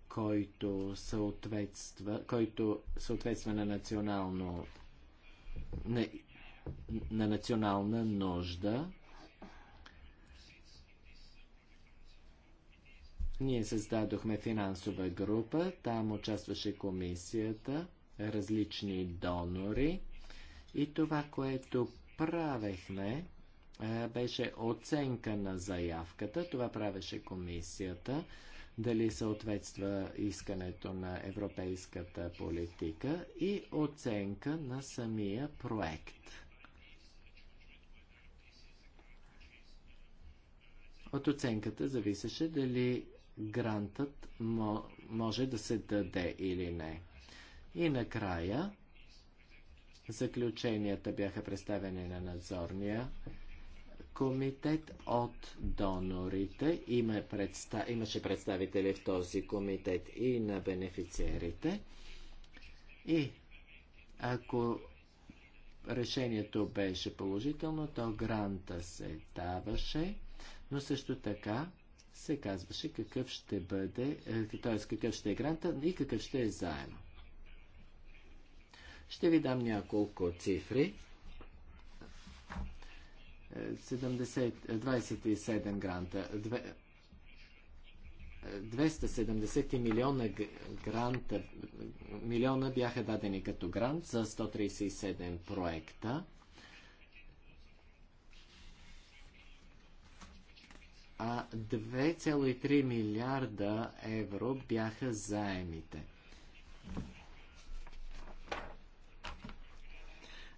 който съответства, който съответства на национално на, на национална нужда Ние създадохме финансова група, там участваше комисията, различни донори и това, което правехме, е, беше оценка на заявката. Това правеше комисията, дали съответства искането на европейската политика и оценка на самия проект. От оценката зависеше дали грантът може да се даде или не. И накрая, заключенията бяха представени на надзорния комитет от донорите. Има предста... Имаше представители в този комитет и на бенефициерите. И ако решението беше положително, то гранта се даваше, но също така се казваше какъв ще бъде, е, т.е. какъв ще е гранта и какъв ще е заем. Ще ви дам няколко цифри. 27 е, е, гранта, 270 милиона гранта, милиона бяха дадени като грант за 137 проекта. а 2,3 милиарда евро бяха заемите.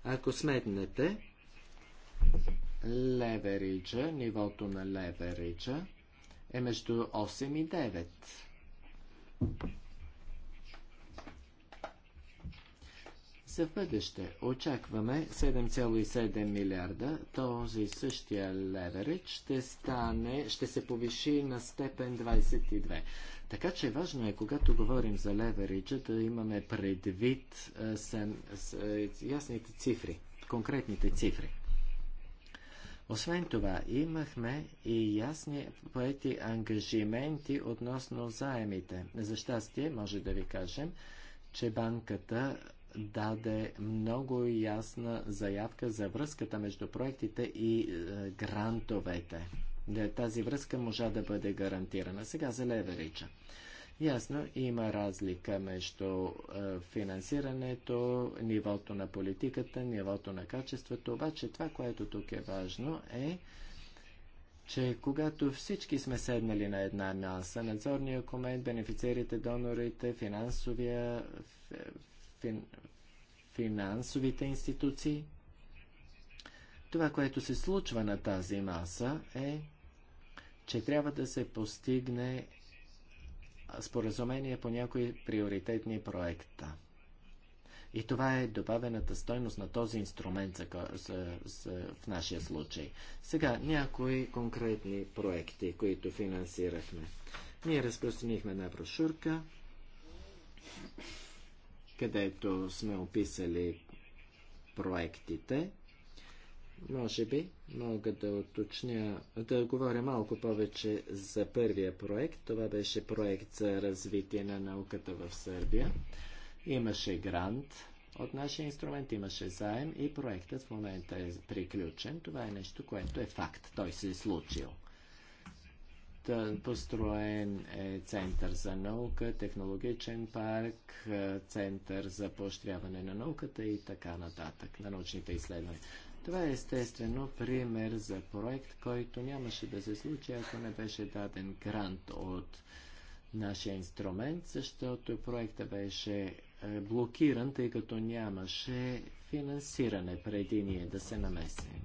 Ако сметнете левериджа, нивото на левериджа е между 8 и 9. за бъдеще. Очакваме 7,7 милиарда. Този същия леверидж ще, стане, ще се повиши на степен 22. Така че важно е, когато говорим за левериджа, да имаме предвид а, с, а, ясните цифри, конкретните цифри. Освен това, имахме и ясни поети ангажименти относно заемите. За щастие, може да ви кажем, че банката даде много ясна заявка за връзката между проектите и е, грантовете. Е, тази връзка може да бъде гарантирана. Сега за леверича. Ясно, има разлика между е, финансирането, нивото на политиката, нивото на качеството, обаче това, което тук е важно е, че когато всички сме седнали на една мяса, надзорния комент, бенефициерите, донорите, финансовия, фин, финансовите институции. Това, което се случва на тази маса е, че трябва да се постигне споразумение по някои приоритетни проекта. И това е добавената стойност на този инструмент за, за, за, в нашия случай. Сега някои конкретни проекти, които финансирахме. Ние разпространихме една брошурка където сме описали проектите. Може би мога да уточня, да говоря малко повече за първия проект. Това беше проект за развитие на науката в Сърбия. Имаше грант от нашия инструмент, имаше заем и проектът в момента е приключен. Това е нещо, което е факт. Той се е случил построен е център за наука, технологичен парк, е, център за поощряване на науката и така нататък, на научните изследвания. Това е естествено пример за проект, който нямаше да се случи, ако не беше даден грант от нашия инструмент, защото проекта беше е, блокиран, тъй като нямаше финансиране преди ние да се намесим.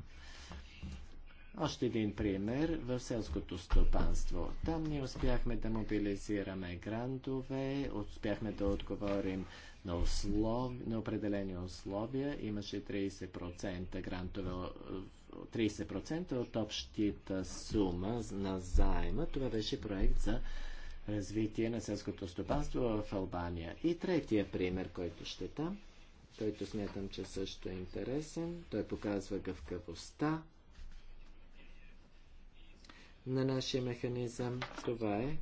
Още един пример в селското стопанство. Там ние успяхме да мобилизираме грантове, успяхме да отговорим на, услов... на определени условия. Имаше 30% грантове, 30% от общата сума на заема. Това беше проект за развитие на селското стопанство в Албания. И третия пример, който ще там, който смятам, че също е интересен, той показва гъвкавостта на нашия механизъм. Това е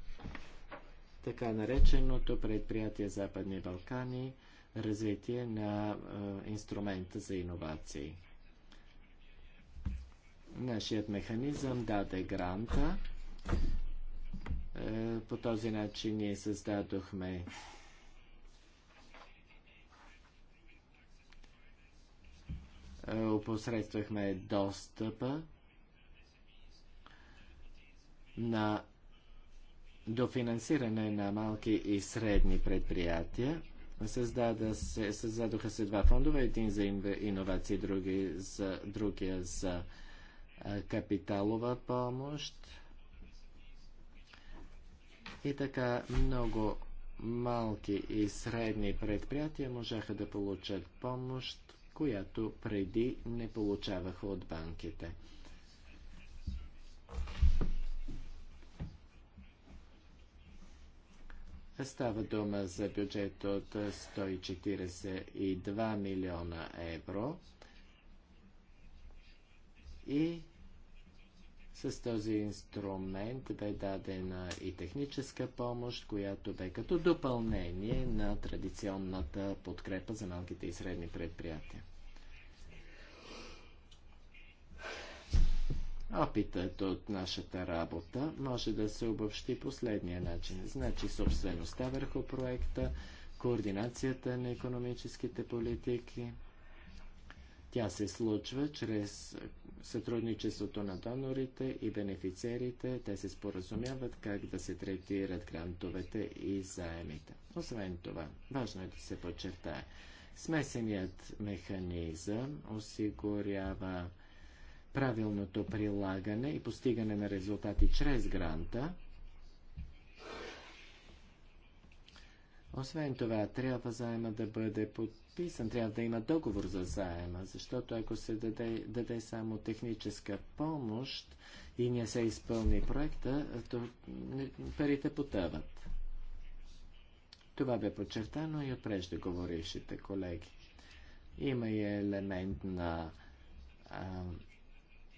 така нареченото предприятие Западни Балкани, развитие на е, инструмента за иновации. Нашият механизъм даде гранта. Е, по този начин ние създадохме е, опосредствахме достъпа на дофинансиране на малки и средни предприятия. Създада се, създадоха се два фондове, един за иновации, други за, другия за капиталова помощ. И така много малки и средни предприятия можаха да получат помощ, която преди не получаваха от банките. Става дума за бюджет от 142 милиона евро и с този инструмент бе дадена и техническа помощ, която бе като допълнение на традиционната подкрепа за малките и средни предприятия. Опитът от нашата работа може да се обобщи последния начин. Значи собствеността върху проекта, координацията на економическите политики. Тя се случва чрез сътрудничеството на донорите и бенефициерите. Те се споразумяват как да се третират грантовете и заемите. Освен това, важно е да се подчертае, смесеният механизъм осигурява правилното прилагане и постигане на резултати чрез гранта. Освен това, трябва заема да бъде подписан, трябва да има договор за заема, защото ако се даде, даде само техническа помощ и не се изпълни проекта, то парите потъват. Това бе подчертано и от преждеговорившите колеги. Има и елемент на а,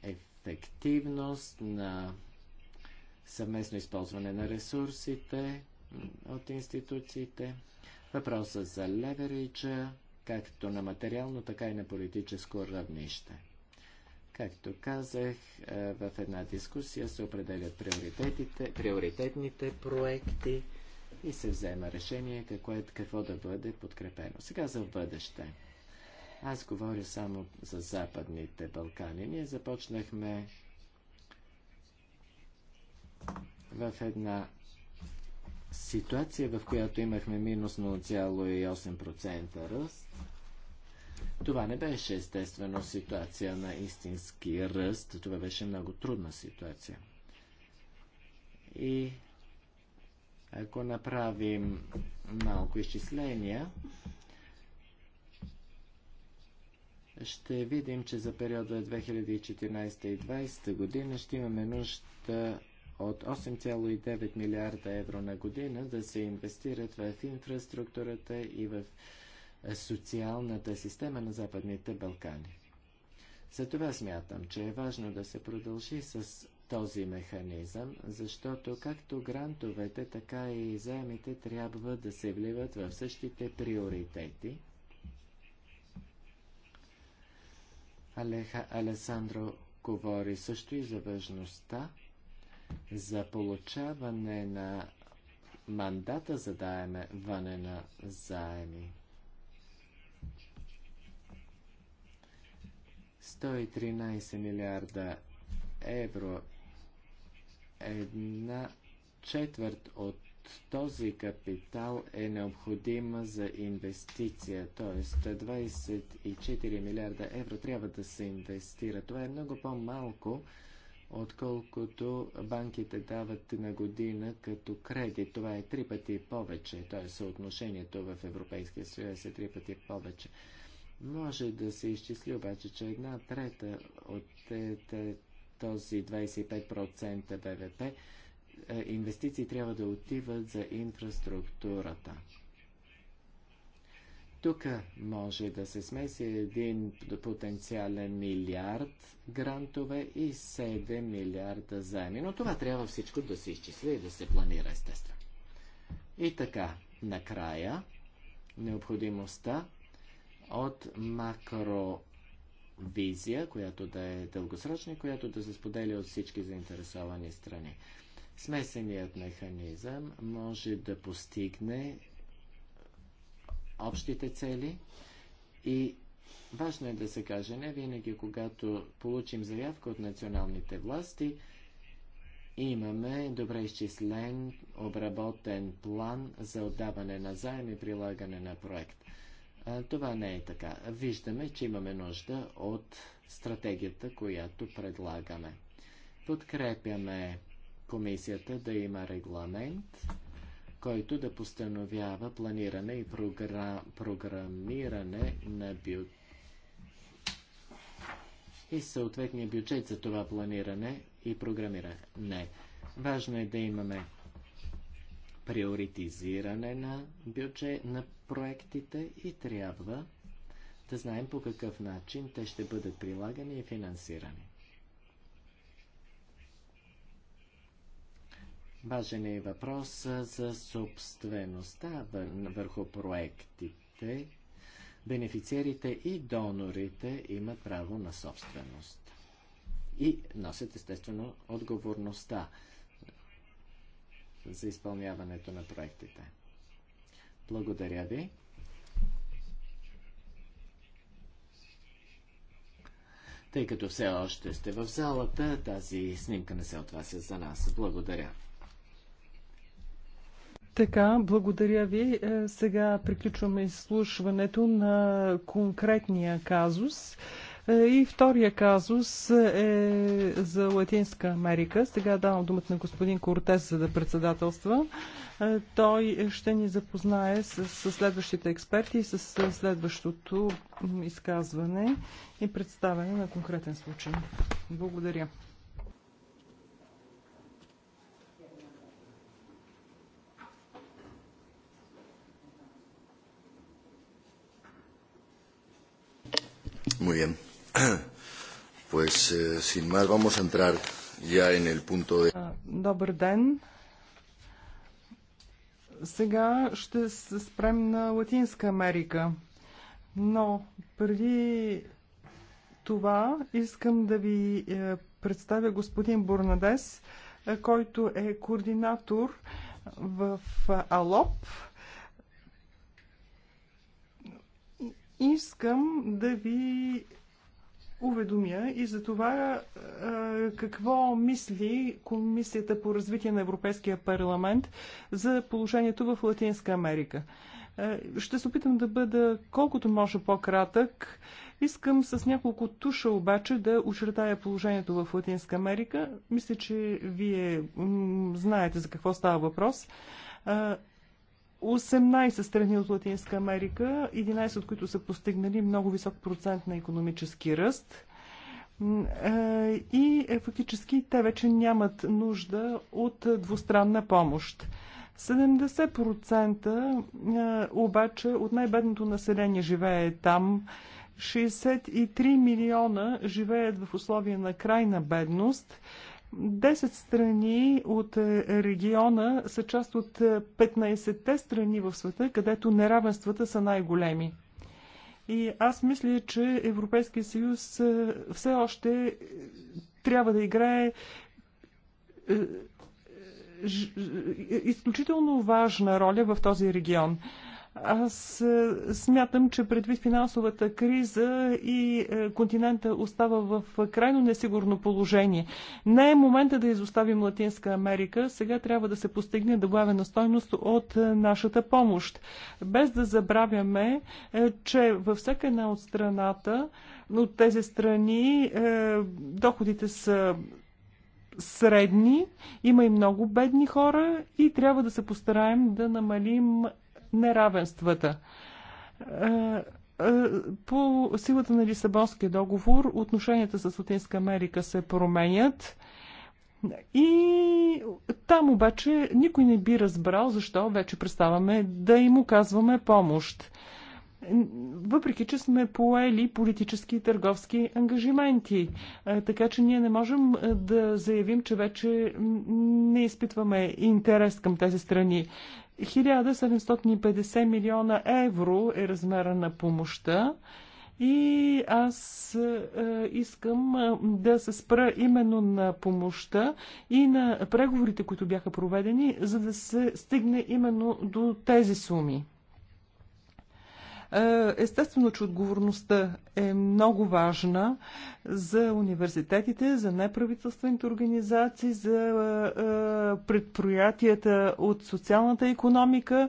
ефективност, на съвместно използване на ресурсите от институциите, въпроса за левериджа, както на материално, така и на политическо равнище. Както казах, е, в една дискусия се определят приоритетите, приоритетните проекти и се взема решение какво, е, какво да бъде подкрепено. Сега за бъдеще. Аз говоря само за Западните Балкани. Ние започнахме в една ситуация, в която имахме минус 0,8% ръст. Това не беше естествено ситуация на истински ръст. Това беше много трудна ситуация. И ако направим малко изчисления, ще видим, че за периода 2014 и 2020 година ще имаме нужда от 8,9 милиарда евро на година да се инвестират в инфраструктурата и в социалната система на Западните Балкани. Затова смятам, че е важно да се продължи с този механизъм, защото както грантовете, така и заемите трябва да се вливат в същите приоритети – Алеха Алесандро говори също и за важността за получаване на мандата за даеме ване на заеми. 113 милиарда евро, една четвърт от този капитал е необходима за инвестиция, т.е. 24 милиарда евро трябва да се инвестира. Това е много по-малко, отколкото банките дават на година като кредит. Това е три пъти повече, т.е. съотношението в Европейския съюз е три пъти повече. Може да се изчисли обаче, че една трета от този 25% БВП е, инвестиции трябва да отиват за инфраструктурата. Тук може да се смеси един потенциален милиард грантове и 7 милиарда заеми. Но това трябва всичко да се изчисли и да се планира естествено. И така, накрая, необходимостта от макровизия, която да е дългосрочна и която да се споделя от всички заинтересовани страни. Смесеният механизъм може да постигне общите цели и важно е да се каже не винаги, когато получим заявка от националните власти, имаме добре изчислен, обработен план за отдаване на заем и прилагане на проект. Това не е така. Виждаме, че имаме нужда от стратегията, която предлагаме. Подкрепяме комисията да има регламент, който да постановява планиране и програ... програмиране на бюджет и съответния бюджет за това планиране и програмиране. Не. Важно е да имаме приоритизиране на бюджет на проектите и трябва да знаем по какъв начин те ще бъдат прилагани и финансирани. Важен е и въпрос за собствеността върху проектите. Бенефициерите и донорите имат право на собственост и носят естествено отговорността за изпълняването на проектите. Благодаря ви. Тъй като все още сте в залата, тази снимка не се отвася за нас. Благодаря. Така, благодаря ви. Е, сега приключваме изслушването на конкретния казус. Е, и втория казус е за Латинска Америка. Сега давам думата на господин Кортес за да председателства. Е, той ще ни запознае с, следващите експерти и с следващото изказване и представяне на конкретен случай. Благодаря. Muy bien. Pues eh, sin más vamos a entrar ya en el punto de... Ah, добър ден. Сега ще се спрем на Латинска Америка. Но преди това искам да ви е, представя господин Бурнадес, е, който е координатор в е, АЛОП. Искам да ви уведомя и за това какво мисли Комисията по развитие на Европейския парламент за положението в Латинска Америка. Ще се опитам да бъда колкото може по-кратък. Искам с няколко туша обаче да очертая положението в Латинска Америка. Мисля, че вие знаете за какво става въпрос. 18 страни от Латинска Америка, 11 от които са постигнали много висок процент на економически ръст. Е, и е, фактически те вече нямат нужда от двустранна помощ. 70% е, обаче от най-бедното население живее там. 63 милиона живеят в условия на крайна бедност. Десет страни от е, региона са част от 15-те е, страни в света, където неравенствата са най-големи. И аз мисля, че Европейския съюз е, все още трябва да играе изключително важна роля в този регион. Аз е, смятам, че предвид финансовата криза и е, континента остава в е, крайно несигурно положение. Не е момента да изоставим Латинска Америка. Сега трябва да се постигне добавена стойност от нашата помощ. Без да забравяме, че във всяка една от страната, от тези страни, доходите са средни, има и много бедни хора и трябва да се постараем да намалим неравенствата. Е, е, по силата на Лисабонския договор отношенията с Латинска Америка се променят. И там обаче никой не би разбрал защо вече представаме да им оказваме помощ. Въпреки, че сме поели политически и търговски ангажименти, е, така че ние не можем да заявим, че вече не изпитваме интерес към тези страни. 1750 милиона евро е размера на помощта. И аз е, искам е, да се спра именно на помощта и на преговорите, които бяха проведени, за да се стигне именно до тези суми. Е, естествено, че отговорността е много важна за университетите, за неправителствените организации, за е, предприятията от социалната економика,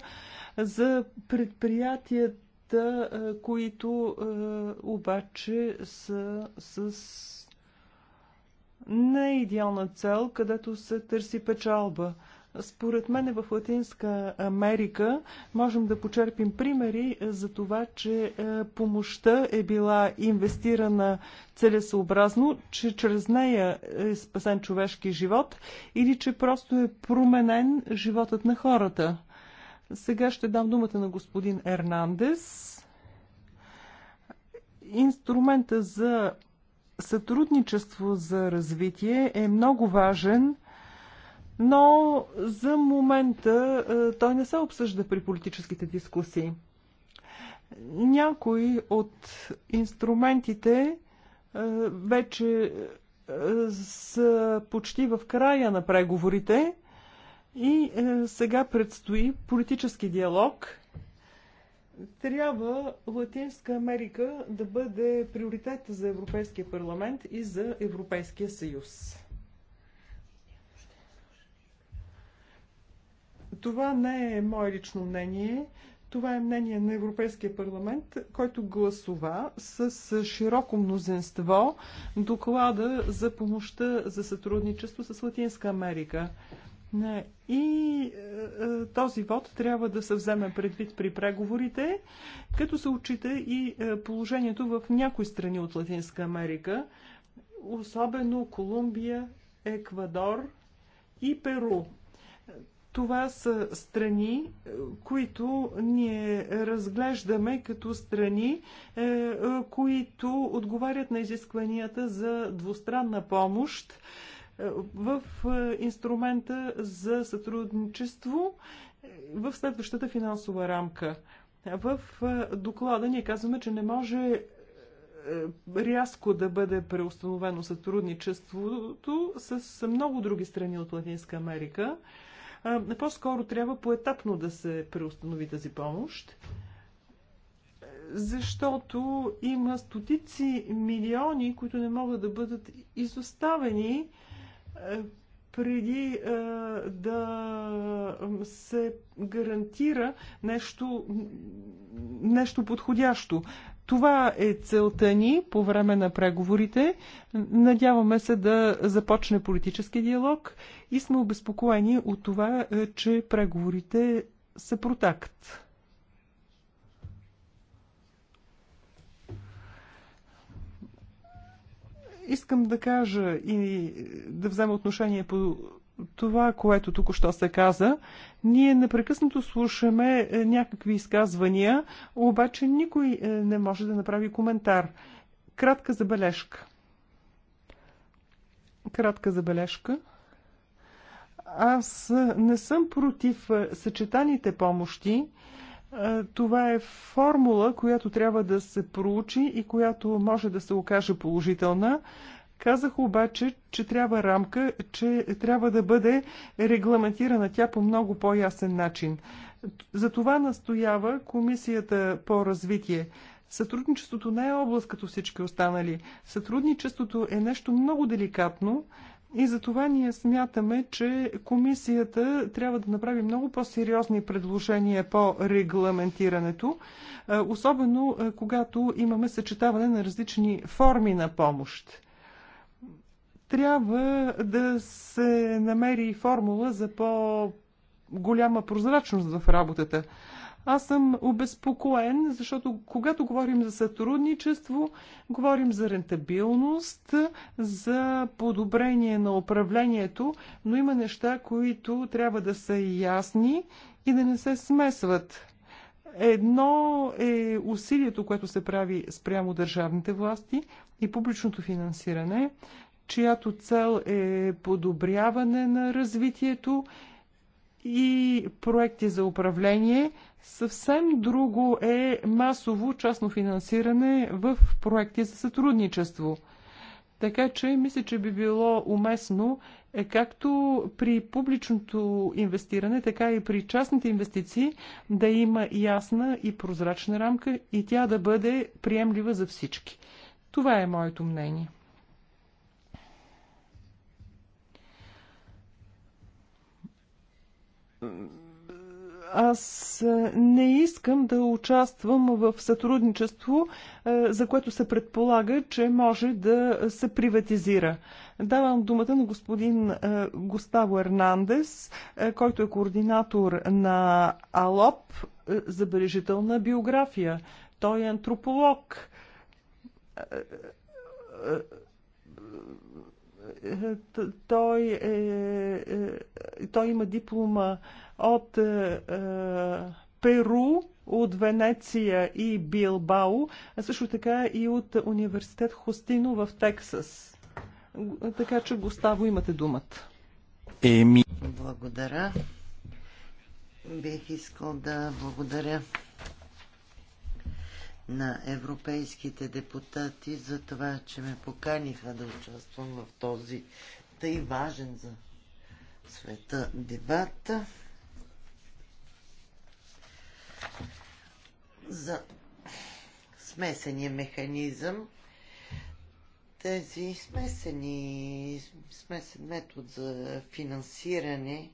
за предприятията, е, които обаче са с неидеална цел, където се търси печалба – според мен в Латинска Америка можем да почерпим примери за това, че е, помощта е била инвестирана целесообразно, че чрез нея е спасен човешки живот или че просто е променен животът на хората. Сега ще дам думата на господин Ернандес. Инструмента за сътрудничество за развитие е много важен но за момента е, той не се обсъжда при политическите дискусии. Някои от инструментите е, вече е, са почти в края на преговорите и сега предстои политически диалог. Трябва Латинска Америка да бъде приоритет за Европейския парламент и за Европейския съюз. Това не е мое лично мнение. Това е мнение на Европейския парламент, който гласова с широко мнозинство доклада за помощта за сътрудничество с Латинска Америка. И е, е, този вод трябва да се вземе предвид при преговорите, като се отчита и е, положението в някои страни от Латинска Америка, особено Колумбия, Еквадор и Перу. Това са страни, е, които ние разглеждаме като страни, е, е, които отговарят на изискванията за двустранна помощ в инструмента за сътрудничество в следващата финансова рамка. В доклада ние казваме, че не може рязко да бъде преустановено сътрудничеството с много други страни от Латинска Америка. По-скоро трябва поетапно да се преустанови тази помощ, защото има стотици милиони, които не могат да бъдат изоставени преди а, да се гарантира нещо, нещо подходящо. Това е целта ни по време на преговорите. Надяваме се да започне политически диалог и сме обезпокоени от това, е, че преговорите са протакт. Искам да кажа и да взема отношение по това, което тук що се каза. Ние непрекъснато слушаме е, някакви изказвания, обаче никой е, не може да направи коментар. Кратка забележка. Кратка забележка. Аз е, не съм против съчетаните помощи. Това е формула, която трябва да се проучи и която може да се окаже положителна. Казах обаче, че трябва рамка, че трябва да бъде регламентирана тя по много по-ясен начин. За това настоява Комисията по развитие. Сътрудничеството не е област като всички останали. Сътрудничеството е нещо много деликатно и за това ние смятаме, че комисията трябва да направи много по-сериозни предложения по регламентирането, особено когато имаме съчетаване на различни форми на помощ трябва да се намери формула за по-голяма прозрачност в работата. Аз съм обезпокоен, защото когато говорим за сътрудничество, говорим за рентабилност, за подобрение на управлението, но има неща, които трябва да са ясни и да не се смесват. Едно е усилието, което се прави спрямо държавните власти и публичното финансиране, чиято цел е подобряване на развитието и проекти за управление. Съвсем друго е масово частно финансиране в проекти за сътрудничество. Така че мисля, че би било уместно е както при публичното инвестиране, така и при частните инвестиции да има ясна и прозрачна рамка и тя да бъде приемлива за всички. Това е моето мнение. аз е, не искам да участвам в сътрудничество, е, за което се предполага, че може да се приватизира. Давам думата на господин е, Густаво Ернандес, който е координатор на АЛОП, забележителна биография. Той е антрополог той, е, е, той има диплома от е, е, Перу, от Венеция и Билбао, а също така и от университет Хостино в Тексас. Така че, Гоставо, имате думата. Еми. Благодаря. Бих искал да благодаря на европейските депутати за това, че ме поканиха да участвам в този тъй важен за света дебат за смесения механизъм. Тези смесени, смесен метод за финансиране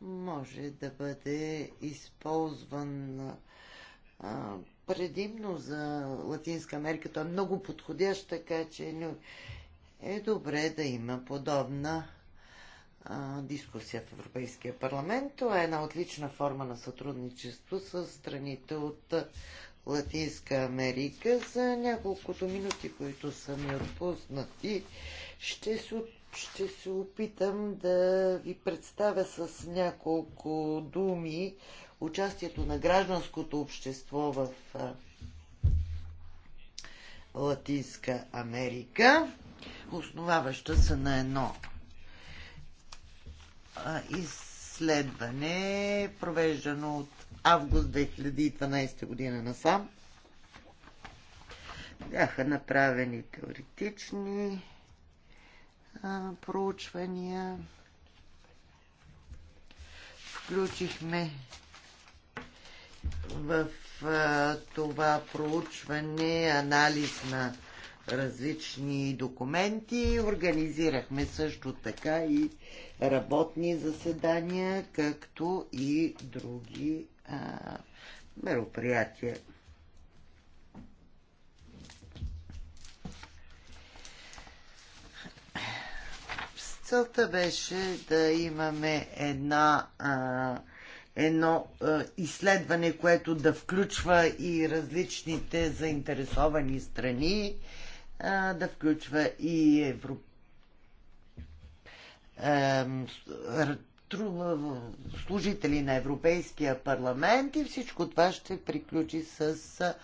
може да бъде използван предимно за Латинска Америка. Той е много подходящ, така че е добре да има подобна дискусия в Европейския парламент. Това е една отлична форма на сътрудничество с страните от Латинска Америка. За няколкото минути, които са ми отпуснати, ще се, ще се опитам да ви представя с няколко думи участието на гражданското общество в Латинска Америка, основаваща се на едно изследване, провеждано от август 2012 година насам. Бяха направени теоретични а, проучвания. Включихме в а, това проучване, анализ на различни документи, организирахме също така и работни заседания, както и други а, мероприятия. Целта беше да имаме една а, едно е, изследване, което да включва и различните заинтересовани страни, е, да включва и Евро... Е, служители на Европейския парламент и всичко това ще приключи с е,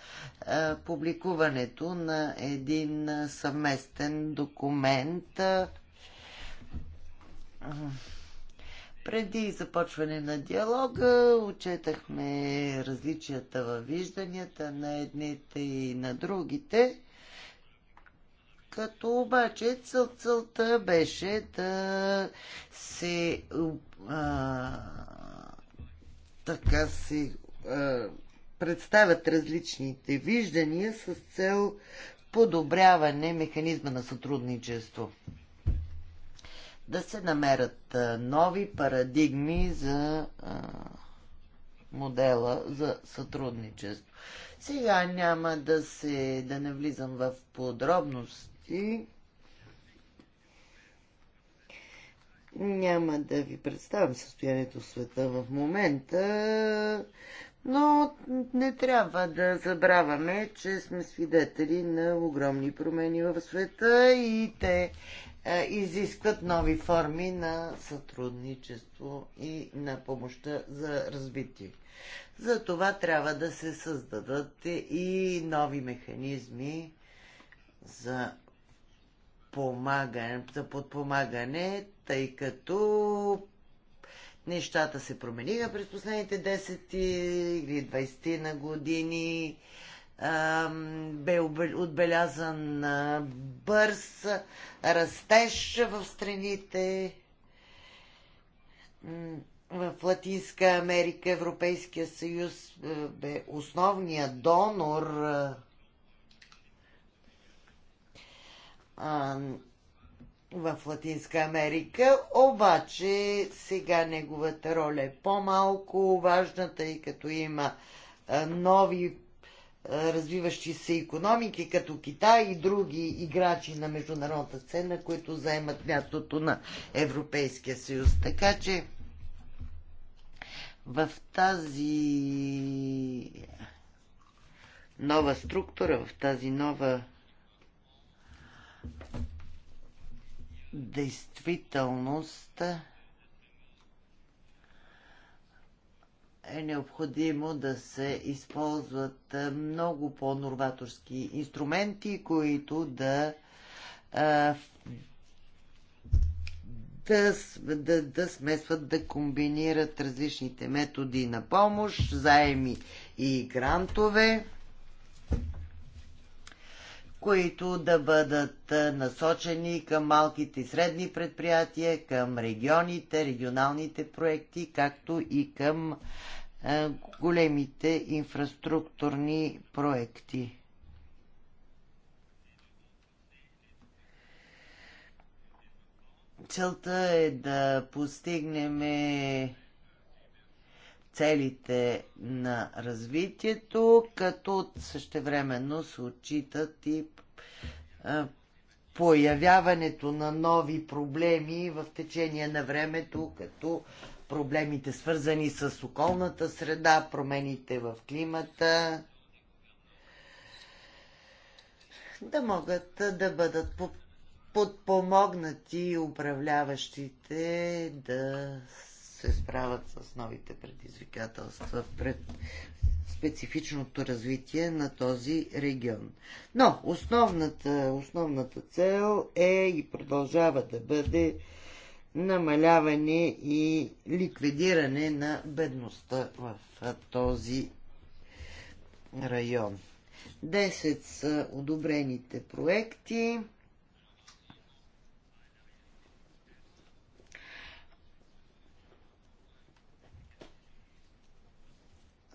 публикуването на един съвместен документ. Е, преди започване на диалога отчетахме различията във вижданията на едните и на другите, като обаче цел, целта беше да се а, така се а, представят различните виждания с цел подобряване механизма на сътрудничество да се намерят нови парадигми за модела за сътрудничество. Сега няма да се да не влизам в подробности. Няма да ви представям състоянието в света в момента, но не трябва да забравяме, че сме свидетели на огромни промени в света и те е, изискват нови форми на сътрудничество и на помощта за развитие. За това трябва да се създадат и нови механизми за, помагане, за подпомагане, тъй като нещата се промениха през последните 10 или 20 на години бе отбелязан бърз растеж в страните в Латинска Америка, Европейския съюз бе основният донор в Латинска Америка, обаче сега неговата роля е по-малко важна, тъй като има нови развиващи се економики, като Китай и други играчи на международната сцена, които заемат мястото на Европейския съюз. Така че в тази нова структура, в тази нова действителност, е необходимо да се използват е, много по-норваторски инструменти, които да, е, да, да, да смесват, да комбинират различните методи на помощ, заеми и грантове които да бъдат е, насочени към малките и средни предприятия, към регионите, регионалните проекти, както и към е, големите инфраструктурни проекти. Целта е да постигнем целите на развитието, като същевременно се отчитат и е, появяването на нови проблеми в течение на времето, като проблемите свързани с околната среда, промените в климата, да могат да бъдат подпомогнати управляващите да се справят с новите предизвикателства пред специфичното развитие на този регион. Но основната, основната цел е и продължава да бъде намаляване и ликвидиране на бедността в този район. Десет са одобрените проекти.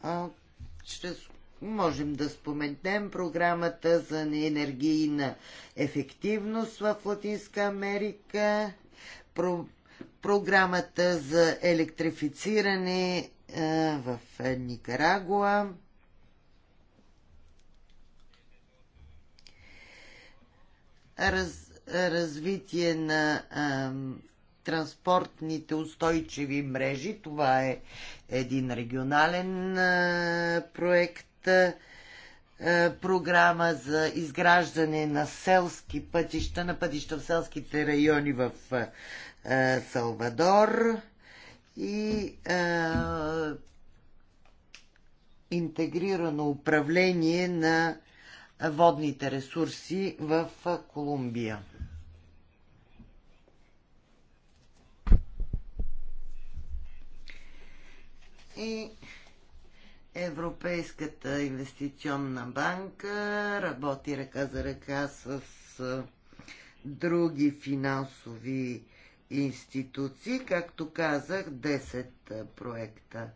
А, ще можем да споменем програмата за енергийна ефективност в Латинска Америка про, програмата за електрифициране е, в е, Никарагуа. Раз, развитие на а, транспортните устойчиви мрежи. Това е един регионален а, е, проект. А, е, програма за изграждане на селски пътища, на пътища в селските райони в е, е, Салвадор и интегрирано управление на водните ресурси в Колумбия. И Европейската инвестиционна банка работи ръка за ръка с други финансови институции. Както казах, 10 проекта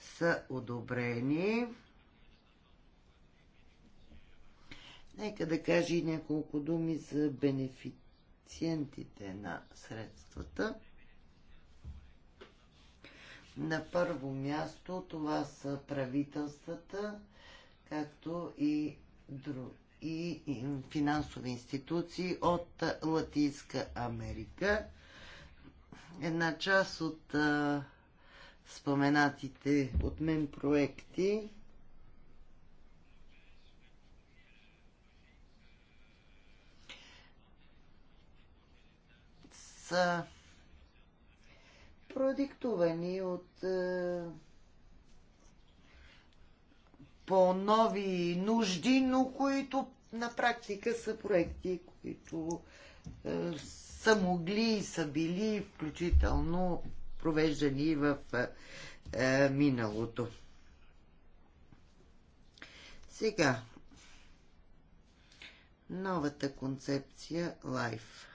са одобрени. Нека да кажа и няколко думи за бенефициентите на средствата. На първо място това са правителствата, както и, друг, и, финансови институции от Латинска Америка. Една част от а, споменатите от мен проекти са продиктувани от е, по-нови нужди, но които на практика са проекти, които е, са могли и са били включително провеждани в е, е миналото. Сега, новата концепция LIFE.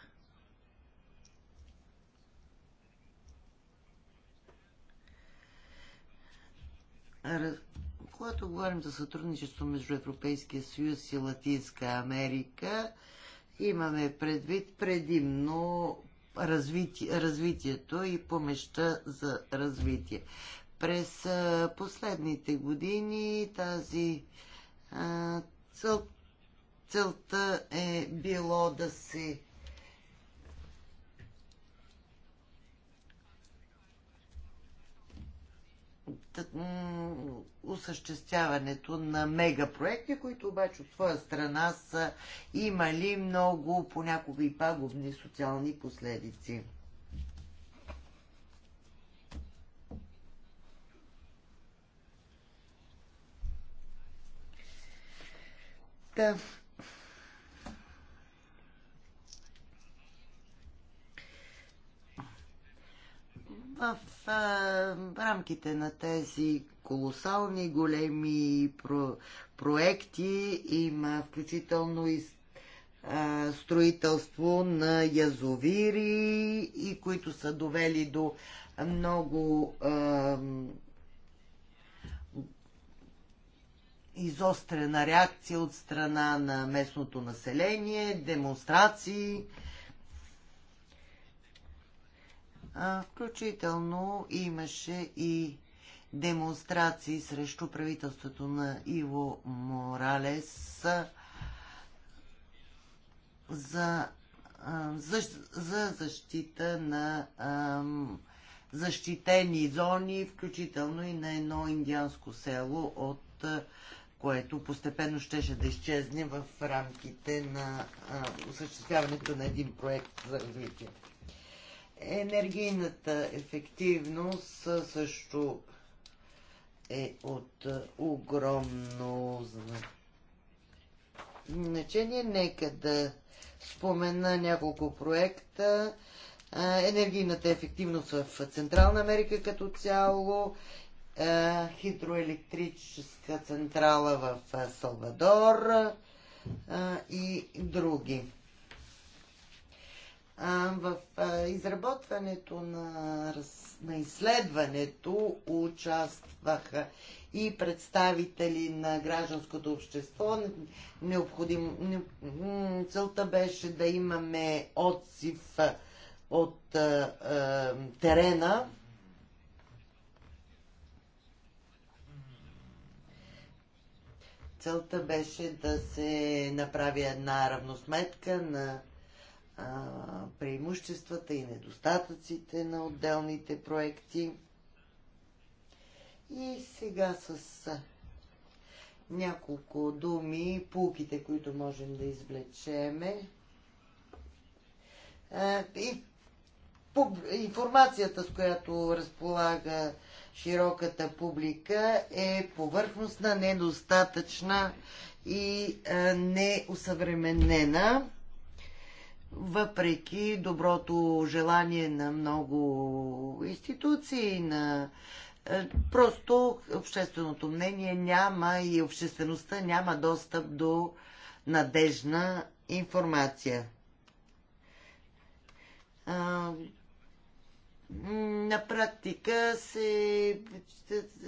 Когато говорим за сътрудничество между Европейския съюз и Латинска Америка, имаме предвид предимно развити, развитието и помеща за развитие. През последните години тази цел, целта е било да се осъществяването на мегапроекти, които обаче от своя страна са имали много, понякога и пагубни социални последици. да. в а, рамките на тези колосални големи про, проекти има включително и а, строителство на язовири и които са довели до много а, изострена реакция от страна на местното население, демонстрации. А, Включително имаше и демонстрации срещу правителството на Иво Моралес за, за, за защита на защитени зони, включително и на едно индианско село, от което постепенно щеше да изчезне в рамките на осъществяването на един проект за развитие. Енергийната ефективност също е от огромно значение. Нека да спомена няколко проекта. Енергийната ефективност в Централна Америка като цяло, хидроелектрическа централа в Салвадор и други. В изработването на, на изследването участваха и представители на гражданското общество. Необходим, не, целта беше да имаме отзив от а, терена. Целта беше да се направи една равносметка на преимуществата и недостатъците на отделните проекти. И сега с няколко думи, пулките, които можем да извлечеме. И информацията, с която разполага широката публика, е повърхностна, недостатъчна и неусъвременена въпреки доброто желание на много институции, на е, просто общественото мнение няма и обществеността няма достъп до надежна информация на практика се,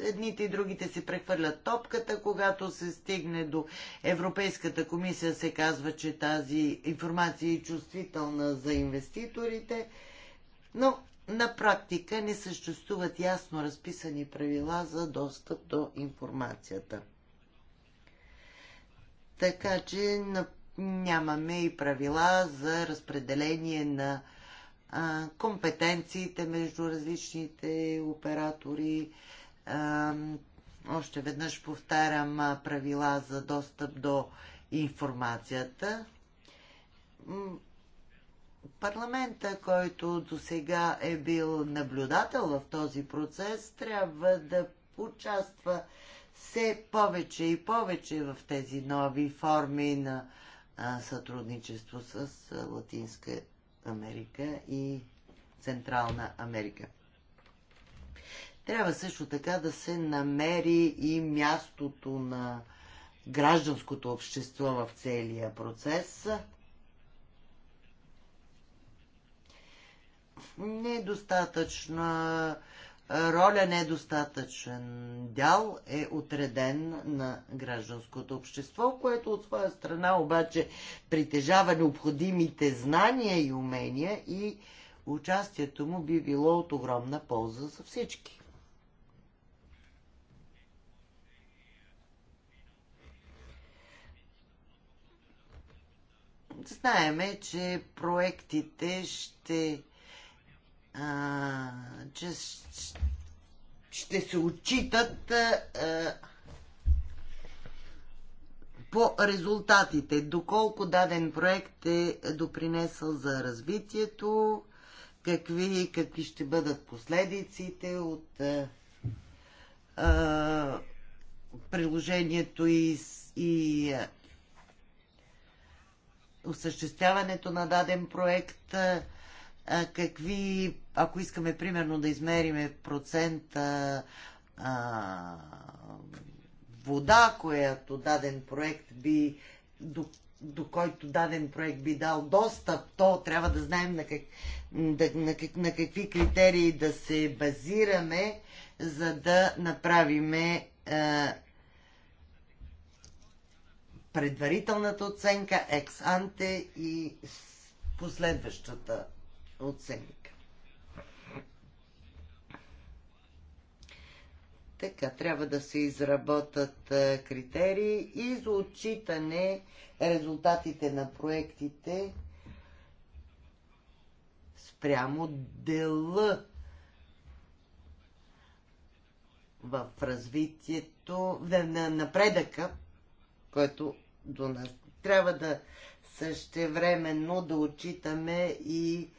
едните и другите си прехвърлят топката. Когато се стигне до Европейската комисия, се казва, че тази информация е чувствителна за инвеститорите, но на практика не съществуват ясно разписани правила за достъп до информацията. Така че нямаме и правила за разпределение на компетенциите между различните оператори. Още веднъж повтарям правила за достъп до информацията. Парламента, който до сега е бил наблюдател в този процес, трябва да участва все повече и повече в тези нови форми на сътрудничество с Латинска Америка и Централна Америка. Трябва също така да се намери и мястото на гражданското общество в целия процес. Недостатъчна е роля, недостатъчен дял е отреден на гражданското общество, което от своя страна обаче притежава необходимите знания и умения и участието му би било от огромна полза за всички. Знаеме, че проектите ще а, че ще се отчитат а, по резултатите, доколко даден проект е допринесъл за развитието, какви, какви ще бъдат последиците от а, а, приложението и, и а, осъществяването на даден проект. А, какви, ако искаме примерно да измериме процента а, вода, която даден проект би до, до който даден проект би дал достъп, то трябва да знаем на, как, да, на, как, на какви критерии да се базираме, за да направиме а, предварителната оценка, екс-анте и последващата оценка. Така, трябва да се изработат критерии и за отчитане резултатите на проектите спрямо дела в развитието, на напредъка, който до нас трябва да същевременно да отчитаме и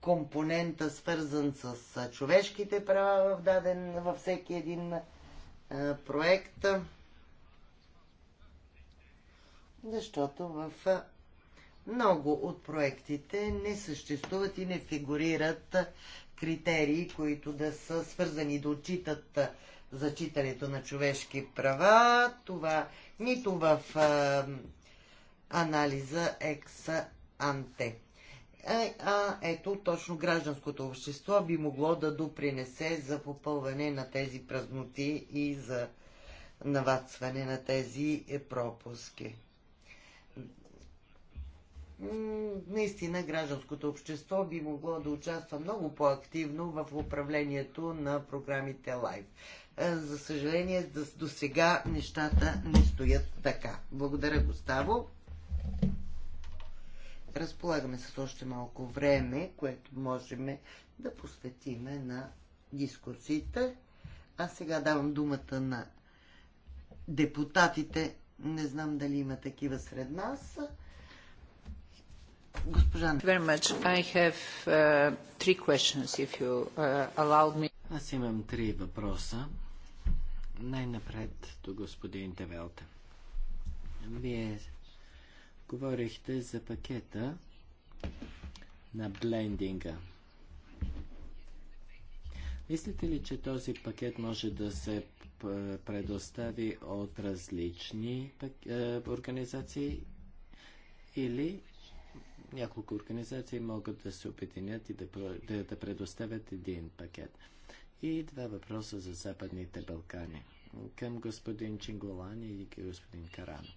компонента, свързан с човешките права в даден, във всеки един проект. Защото в много от проектите не съществуват и не фигурират критерии, които да са свързани да отчитат зачитането на човешки права. Това нито в а, анализа екс анте а ето точно гражданското общество би могло да допринесе за попълване на тези празноти и за навацване на тези е, пропуски. Наистина гражданското общество би могло да участва много по-активно в управлението на програмите Live. За съжаление, до сега нещата не стоят така. Благодаря, Густаво разполагаме с още малко време, което можем да посветиме на дискусиите. А сега давам думата на депутатите. Не знам дали има такива сред нас. Госпожа. Аз имам три въпроса. Най-напред до господин Девелта. Вие Говорихте за пакета на блендинга. Мислите ли, че този пакет може да се предостави от различни е, организации или няколко организации могат да се обединят и да, да, да предоставят един пакет? И два въпроса за Западните Балкани към господин Чинголани и господин Карано.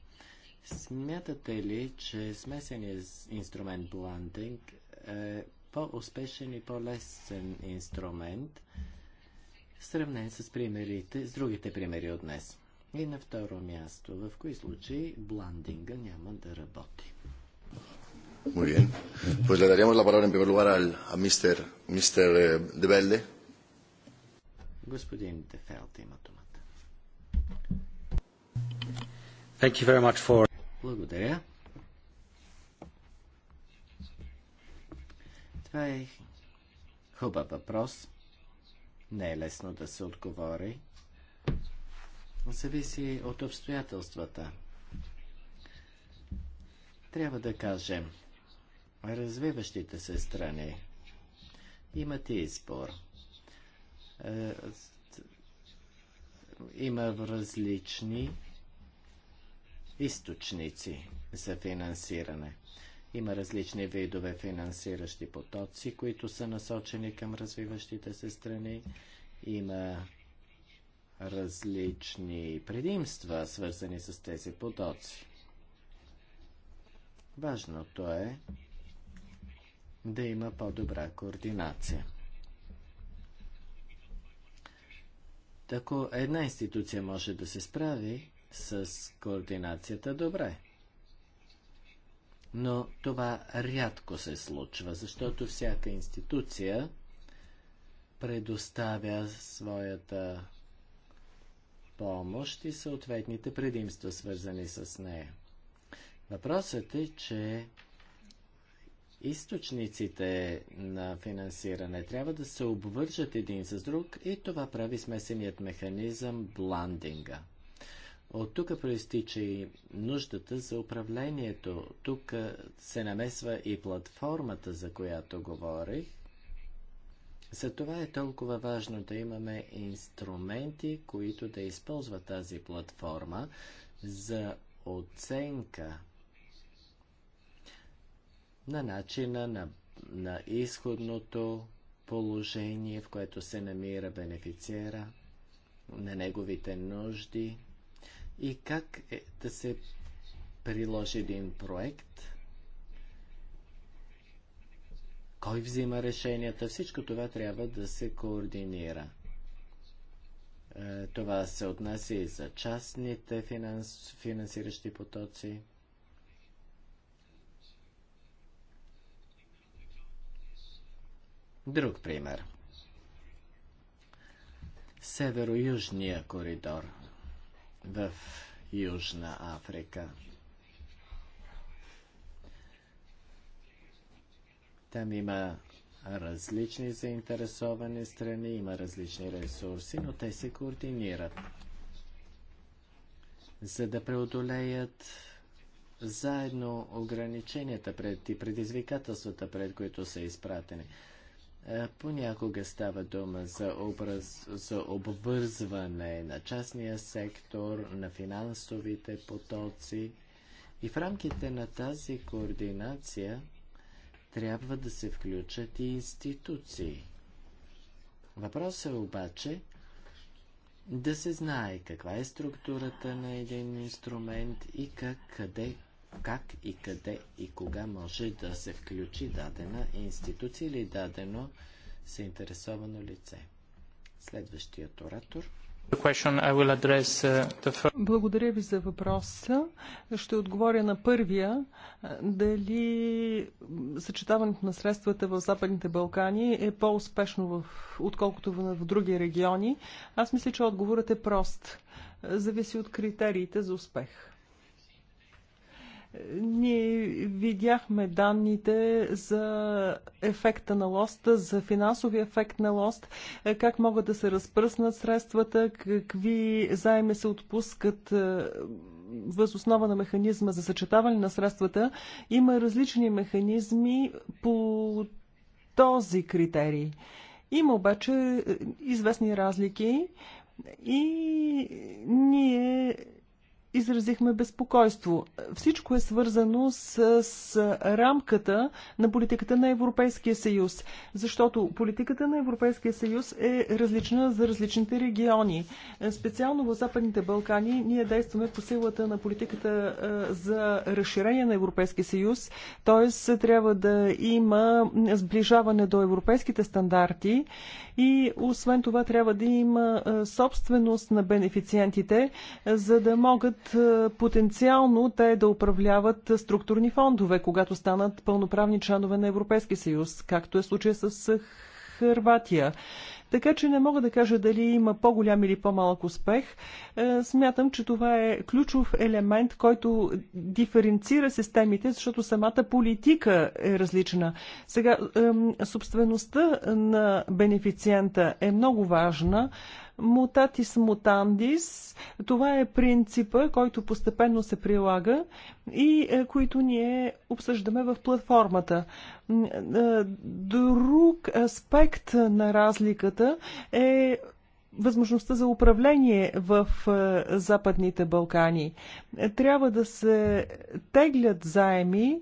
Смятате ли, че смесеният инструмент бландинг е по-успешен и по-лесен инструмент, сравнен с, примерите, с другите примери от днес? И на второ място, в кои случаи бландинга няма да работи? Muy bien. Pues le daríamos la palabra en primer lugar al, a Mr. Mr. Eh, De Belde. Господин Дефелт има думата. Thank you very much for благодаря. Това е хубав въпрос. Не е лесно да се отговори. Зависи от обстоятелствата. Трябва да кажем, развиващите се страни имат избор. Е, има различни източници за финансиране. Има различни видове финансиращи потоци, които са насочени към развиващите се страни. Има различни предимства, свързани с тези потоци. Важното е да има по-добра координация. Ако една институция може да се справи, с координацията добре. Но това рядко се случва, защото всяка институция предоставя своята помощ и съответните предимства, свързани с нея. Въпросът е, че източниците на финансиране трябва да се обвържат един с друг и това прави смесеният механизъм бландинга. От тук проистича и нуждата за управлението. Тук се намесва и платформата, за която говорих. Затова е толкова важно да имаме инструменти, които да използват тази платформа за оценка на начина на, на изходното положение, в което се намира бенефициера, на неговите нужди, и как е да се приложи един проект, кой взима решенията, всичко това трябва да се координира. Е, това се отнася и за частните финанс, финансиращи потоци. Друг пример. Северо-южния коридор – в Южна Африка. Там има различни заинтересовани страни, има различни ресурси, но те се координират, за да преодолеят заедно ограниченията пред и предизвикателствата, пред които са изпратени. Понякога става дума за, образ, за обвързване на частния сектор, на финансовите потоци и в рамките на тази координация трябва да се включат и институции. Въпросът е обаче да се знае каква е структурата на един инструмент и как, къде, как и къде и кога може да се включи дадена институция или дадено заинтересовано лице. Следващият оратор. Uh, Благодаря ви за въпроса. Ще отговоря на първия. Дали съчетаването на средствата в Западните Балкани е по-успешно, в... отколкото в... в други региони? Аз мисля, че отговорът е прост. Зависи от критериите за успех. Ние видяхме данните за ефекта на лост, за финансови ефект на лост, е, как могат да се разпръснат средствата, какви заеми се отпускат е, въз основа на механизма за съчетаване на средствата. Има различни механизми по този критерий. Има обаче е, известни разлики и ние изразихме безпокойство. Всичко е свързано с, с рамката на политиката на Европейския съюз, защото политиката на Европейския съюз е различна за различните региони. Специално в Западните Балкани ние действаме по силата на политиката за разширение на Европейския съюз, т.е. трябва да има сближаване до европейските стандарти и освен това трябва да има собственост на бенефициентите, за да могат потенциално те да управляват структурни фондове, когато станат пълноправни членове на Европейския съюз, както е случая с Хърватия. Така че не мога да кажа дали има по-голям или по-малък успех. Е, смятам, че това е ключов елемент, който диференцира системите, защото самата политика е различна. Сега, собствеността на бенефициента е много важна. Мутатис мутандис, това е принципа, който постепенно се прилага и е, които ние обсъждаме в платформата. Е, друг аспект на разликата е възможността за управление в е, Западните Балкани. Трябва да се теглят заеми,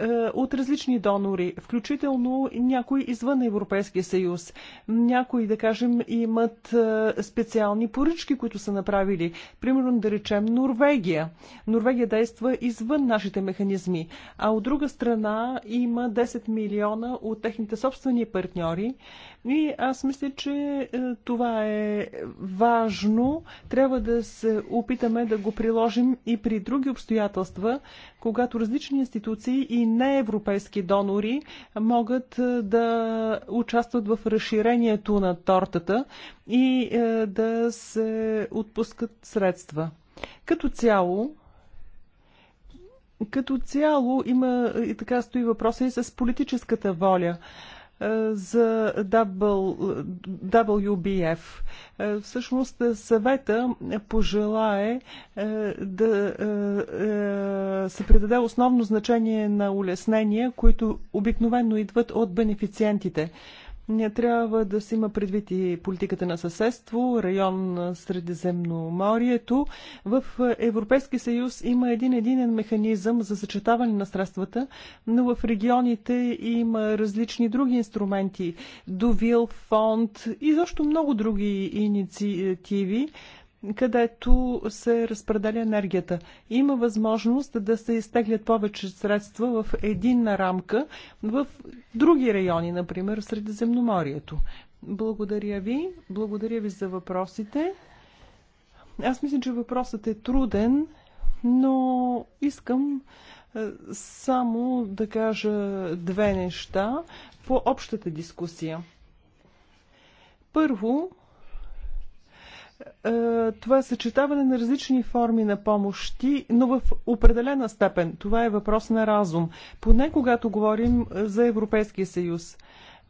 е, от различни донори, включително някои извън Европейския съюз. Някои, да кажем, имат е, специални поръчки, които са направили. Примерно, да речем, Норвегия. Норвегия действа извън нашите механизми. А от друга страна има 10 милиона от техните собствени партньори, и аз мисля, че е, това е важно. Трябва да се опитаме да го приложим и при други обстоятелства, когато различни институции и неевропейски донори могат е, да участват в разширението на тортата и е, да се отпускат средства. Като цяло, като цяло има и така стои въпроса и с политическата воля за WBF. Е, всъщност е, съвета пожелае е, да се придаде основно значение на улеснения, които обикновено идват от бенефициентите. Не трябва да се има предвид и политиката на съседство, район на Средиземноморието. В Европейски съюз има един единен механизъм за съчетаване на средствата, но в регионите има различни други инструменти. Довил фонд и защо много други инициативи където се разпределя енергията. Има възможност да се изтеглят повече средства в единна рамка в други райони, например в Средиземноморието. Благодаря ви. Благодаря ви за въпросите. Аз мисля, че въпросът е труден, но искам е, само да кажа две неща по общата дискусия. Първо, е, това е съчетаване на различни форми на помощи, но в определена степен. Това е въпрос на разум. Поне когато говорим за Европейския съюз.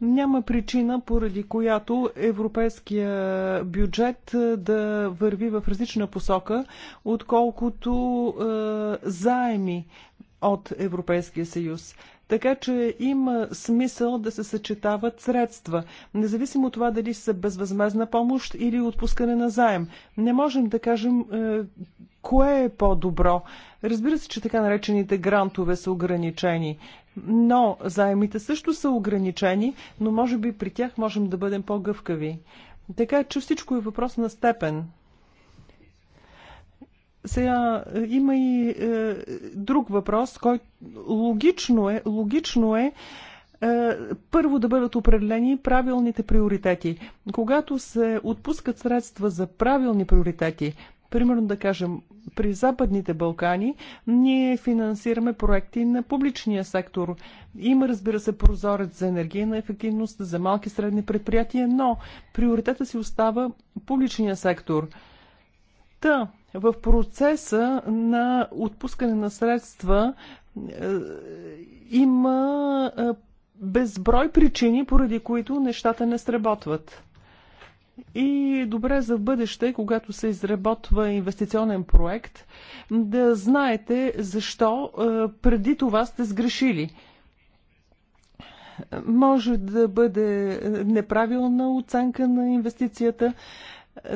Няма причина, поради която европейския бюджет е, да върви в различна посока, отколкото е, заеми от Европейския съюз. Така че има смисъл да се съчетават средства, независимо от това дали са безвъзмезна помощ или отпускане на заем. Не можем да кажем е, кое е по-добро. Разбира се, че така наречените грантове са ограничени, но заемите също са ограничени, но може би при тях можем да бъдем по-гъвкави. Така че всичко е въпрос на степен. Сега е, има и е, друг въпрос, който логично е, логично е, е първо да бъдат определени правилните приоритети. Когато се отпускат средства за правилни приоритети, примерно да кажем при Западните Балкани, ние финансираме проекти на публичния сектор. Има, разбира се, прозорец за енергийна ефективност, за малки и средни предприятия, но приоритета си остава публичния сектор. Та, в процеса на отпускане на средства е, има е, безброй причини, поради които нещата не сработват. И добре за в бъдеще, когато се изработва инвестиционен проект, да знаете защо е, преди това сте сгрешили. Може да бъде неправилна оценка на инвестицията,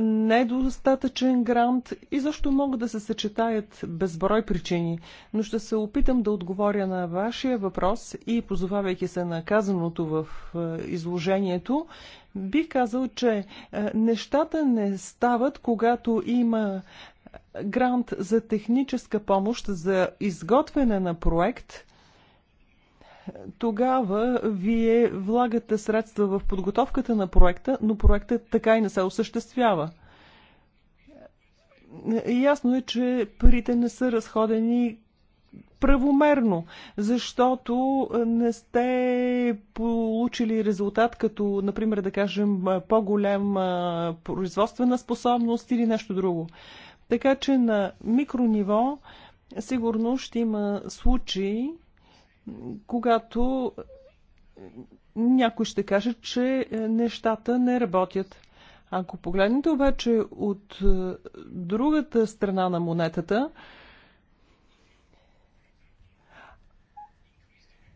недостатъчен грант и защо могат да се съчетаят безброй причини. Но ще се опитам да отговоря на вашия въпрос и позовавайки се на казаното в е, изложението, бих казал, че е, нещата не стават, когато има е, грант за техническа помощ за изготвяне на проект – тогава вие влагате средства в подготовката на проекта, но проектът така и не се осъществява. Ясно е, че парите не са разходени правомерно, защото не сте получили резултат като, например, да кажем, по-голема производствена способност или нещо друго. Така че на микрониво сигурно ще има случаи, когато някой ще каже, че е, нещата не работят. Ако погледнете обаче от е, другата страна на монетата,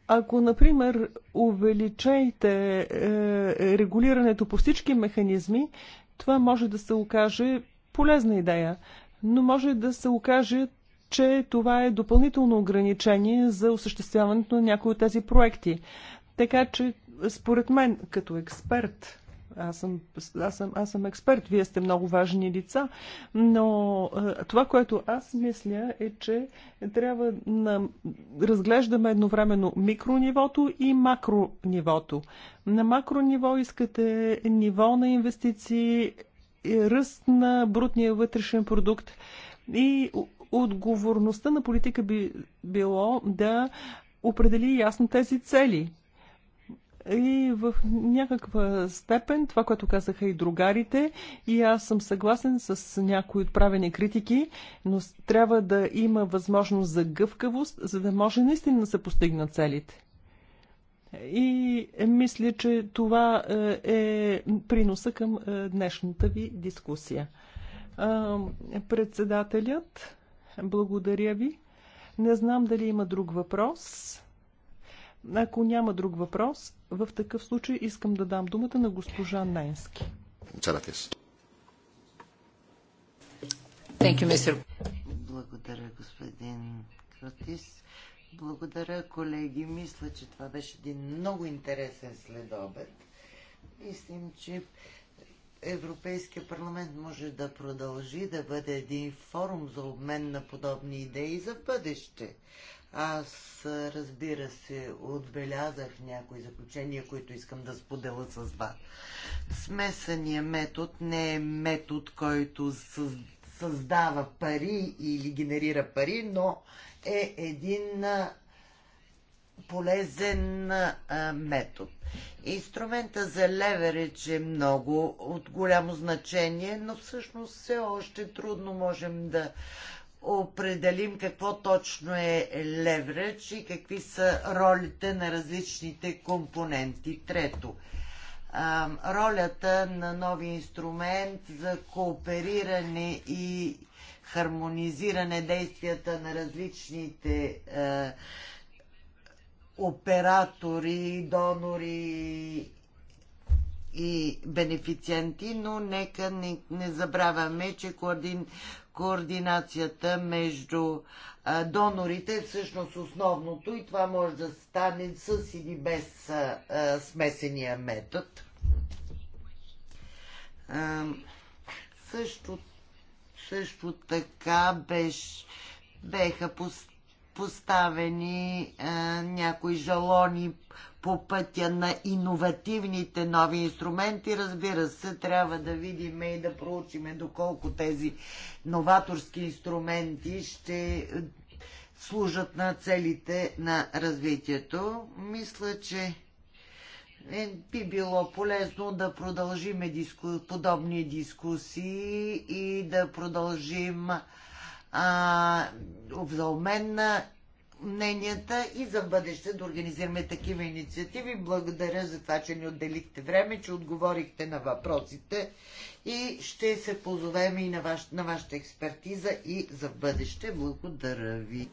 Ако, например, увеличайте е, регулирането по всички механизми, това може да се окаже полезна идея, но може да се окаже че това е допълнително ограничение за осъществяването на някои от тези проекти. Така че, според мен, като експерт, аз съм, аз, съм, аз съм експерт, вие сте много важни лица, но това, което аз мисля е, че трябва да разглеждаме едновременно микронивото и макронивото. На макрониво искате ниво на инвестиции, ръст на брутния вътрешен продукт и отговорността на политика би било да определи ясно тези цели. И в някаква степен това, което казаха и другарите, и аз съм съгласен с някои отправени критики, но трябва да има възможност за гъвкавост, за да може наистина да се постигнат целите. И мисля, че това е, е приноса към е, днешната ви дискусия. Председателят благодаря ви. Не знам дали има друг въпрос. Ако няма друг въпрос, в такъв случай искам да дам думата на госпожа Ненски. Благодаря, господин Кратис. Благодаря, колеги. Мисля, че това беше един много интересен следобед. Мислим, че Европейския парламент може да продължи да бъде един форум за обмен на подобни идеи за бъдеще. Аз, разбира се, отбелязах някои заключения, които искам да споделя с вас. Смесания метод не е метод, който създава пари или генерира пари, но е един полезен а, метод. Инструмента за леверидж е много от голямо значение, но всъщност все още трудно можем да определим какво точно е леверидж и какви са ролите на различните компоненти. Трето, а, ролята на нови инструмент за коопериране и хармонизиране действията на различните а, оператори, донори и бенефициенти, но нека не, не забравяме, че координ, координацията между а, донорите е всъщност основното и това може да стане с или без а, а, смесения метод. А, също, също така беше, беха поставени поставени а, е, някои жалони по пътя на иновативните нови инструменти. Разбира се, трябва да видим и да проучиме доколко тези новаторски инструменти ще е, служат на целите на развитието. Мисля, че е, би било полезно да продължим диску... подобни дискусии и да продължим а, за обмен на мненията и за бъдеще да организираме такива инициативи. Благодаря за това, че ни отделихте време, че отговорихте на въпросите и ще се позовем и на, ваш, на вашата експертиза и за бъдеще. Благодаря ви.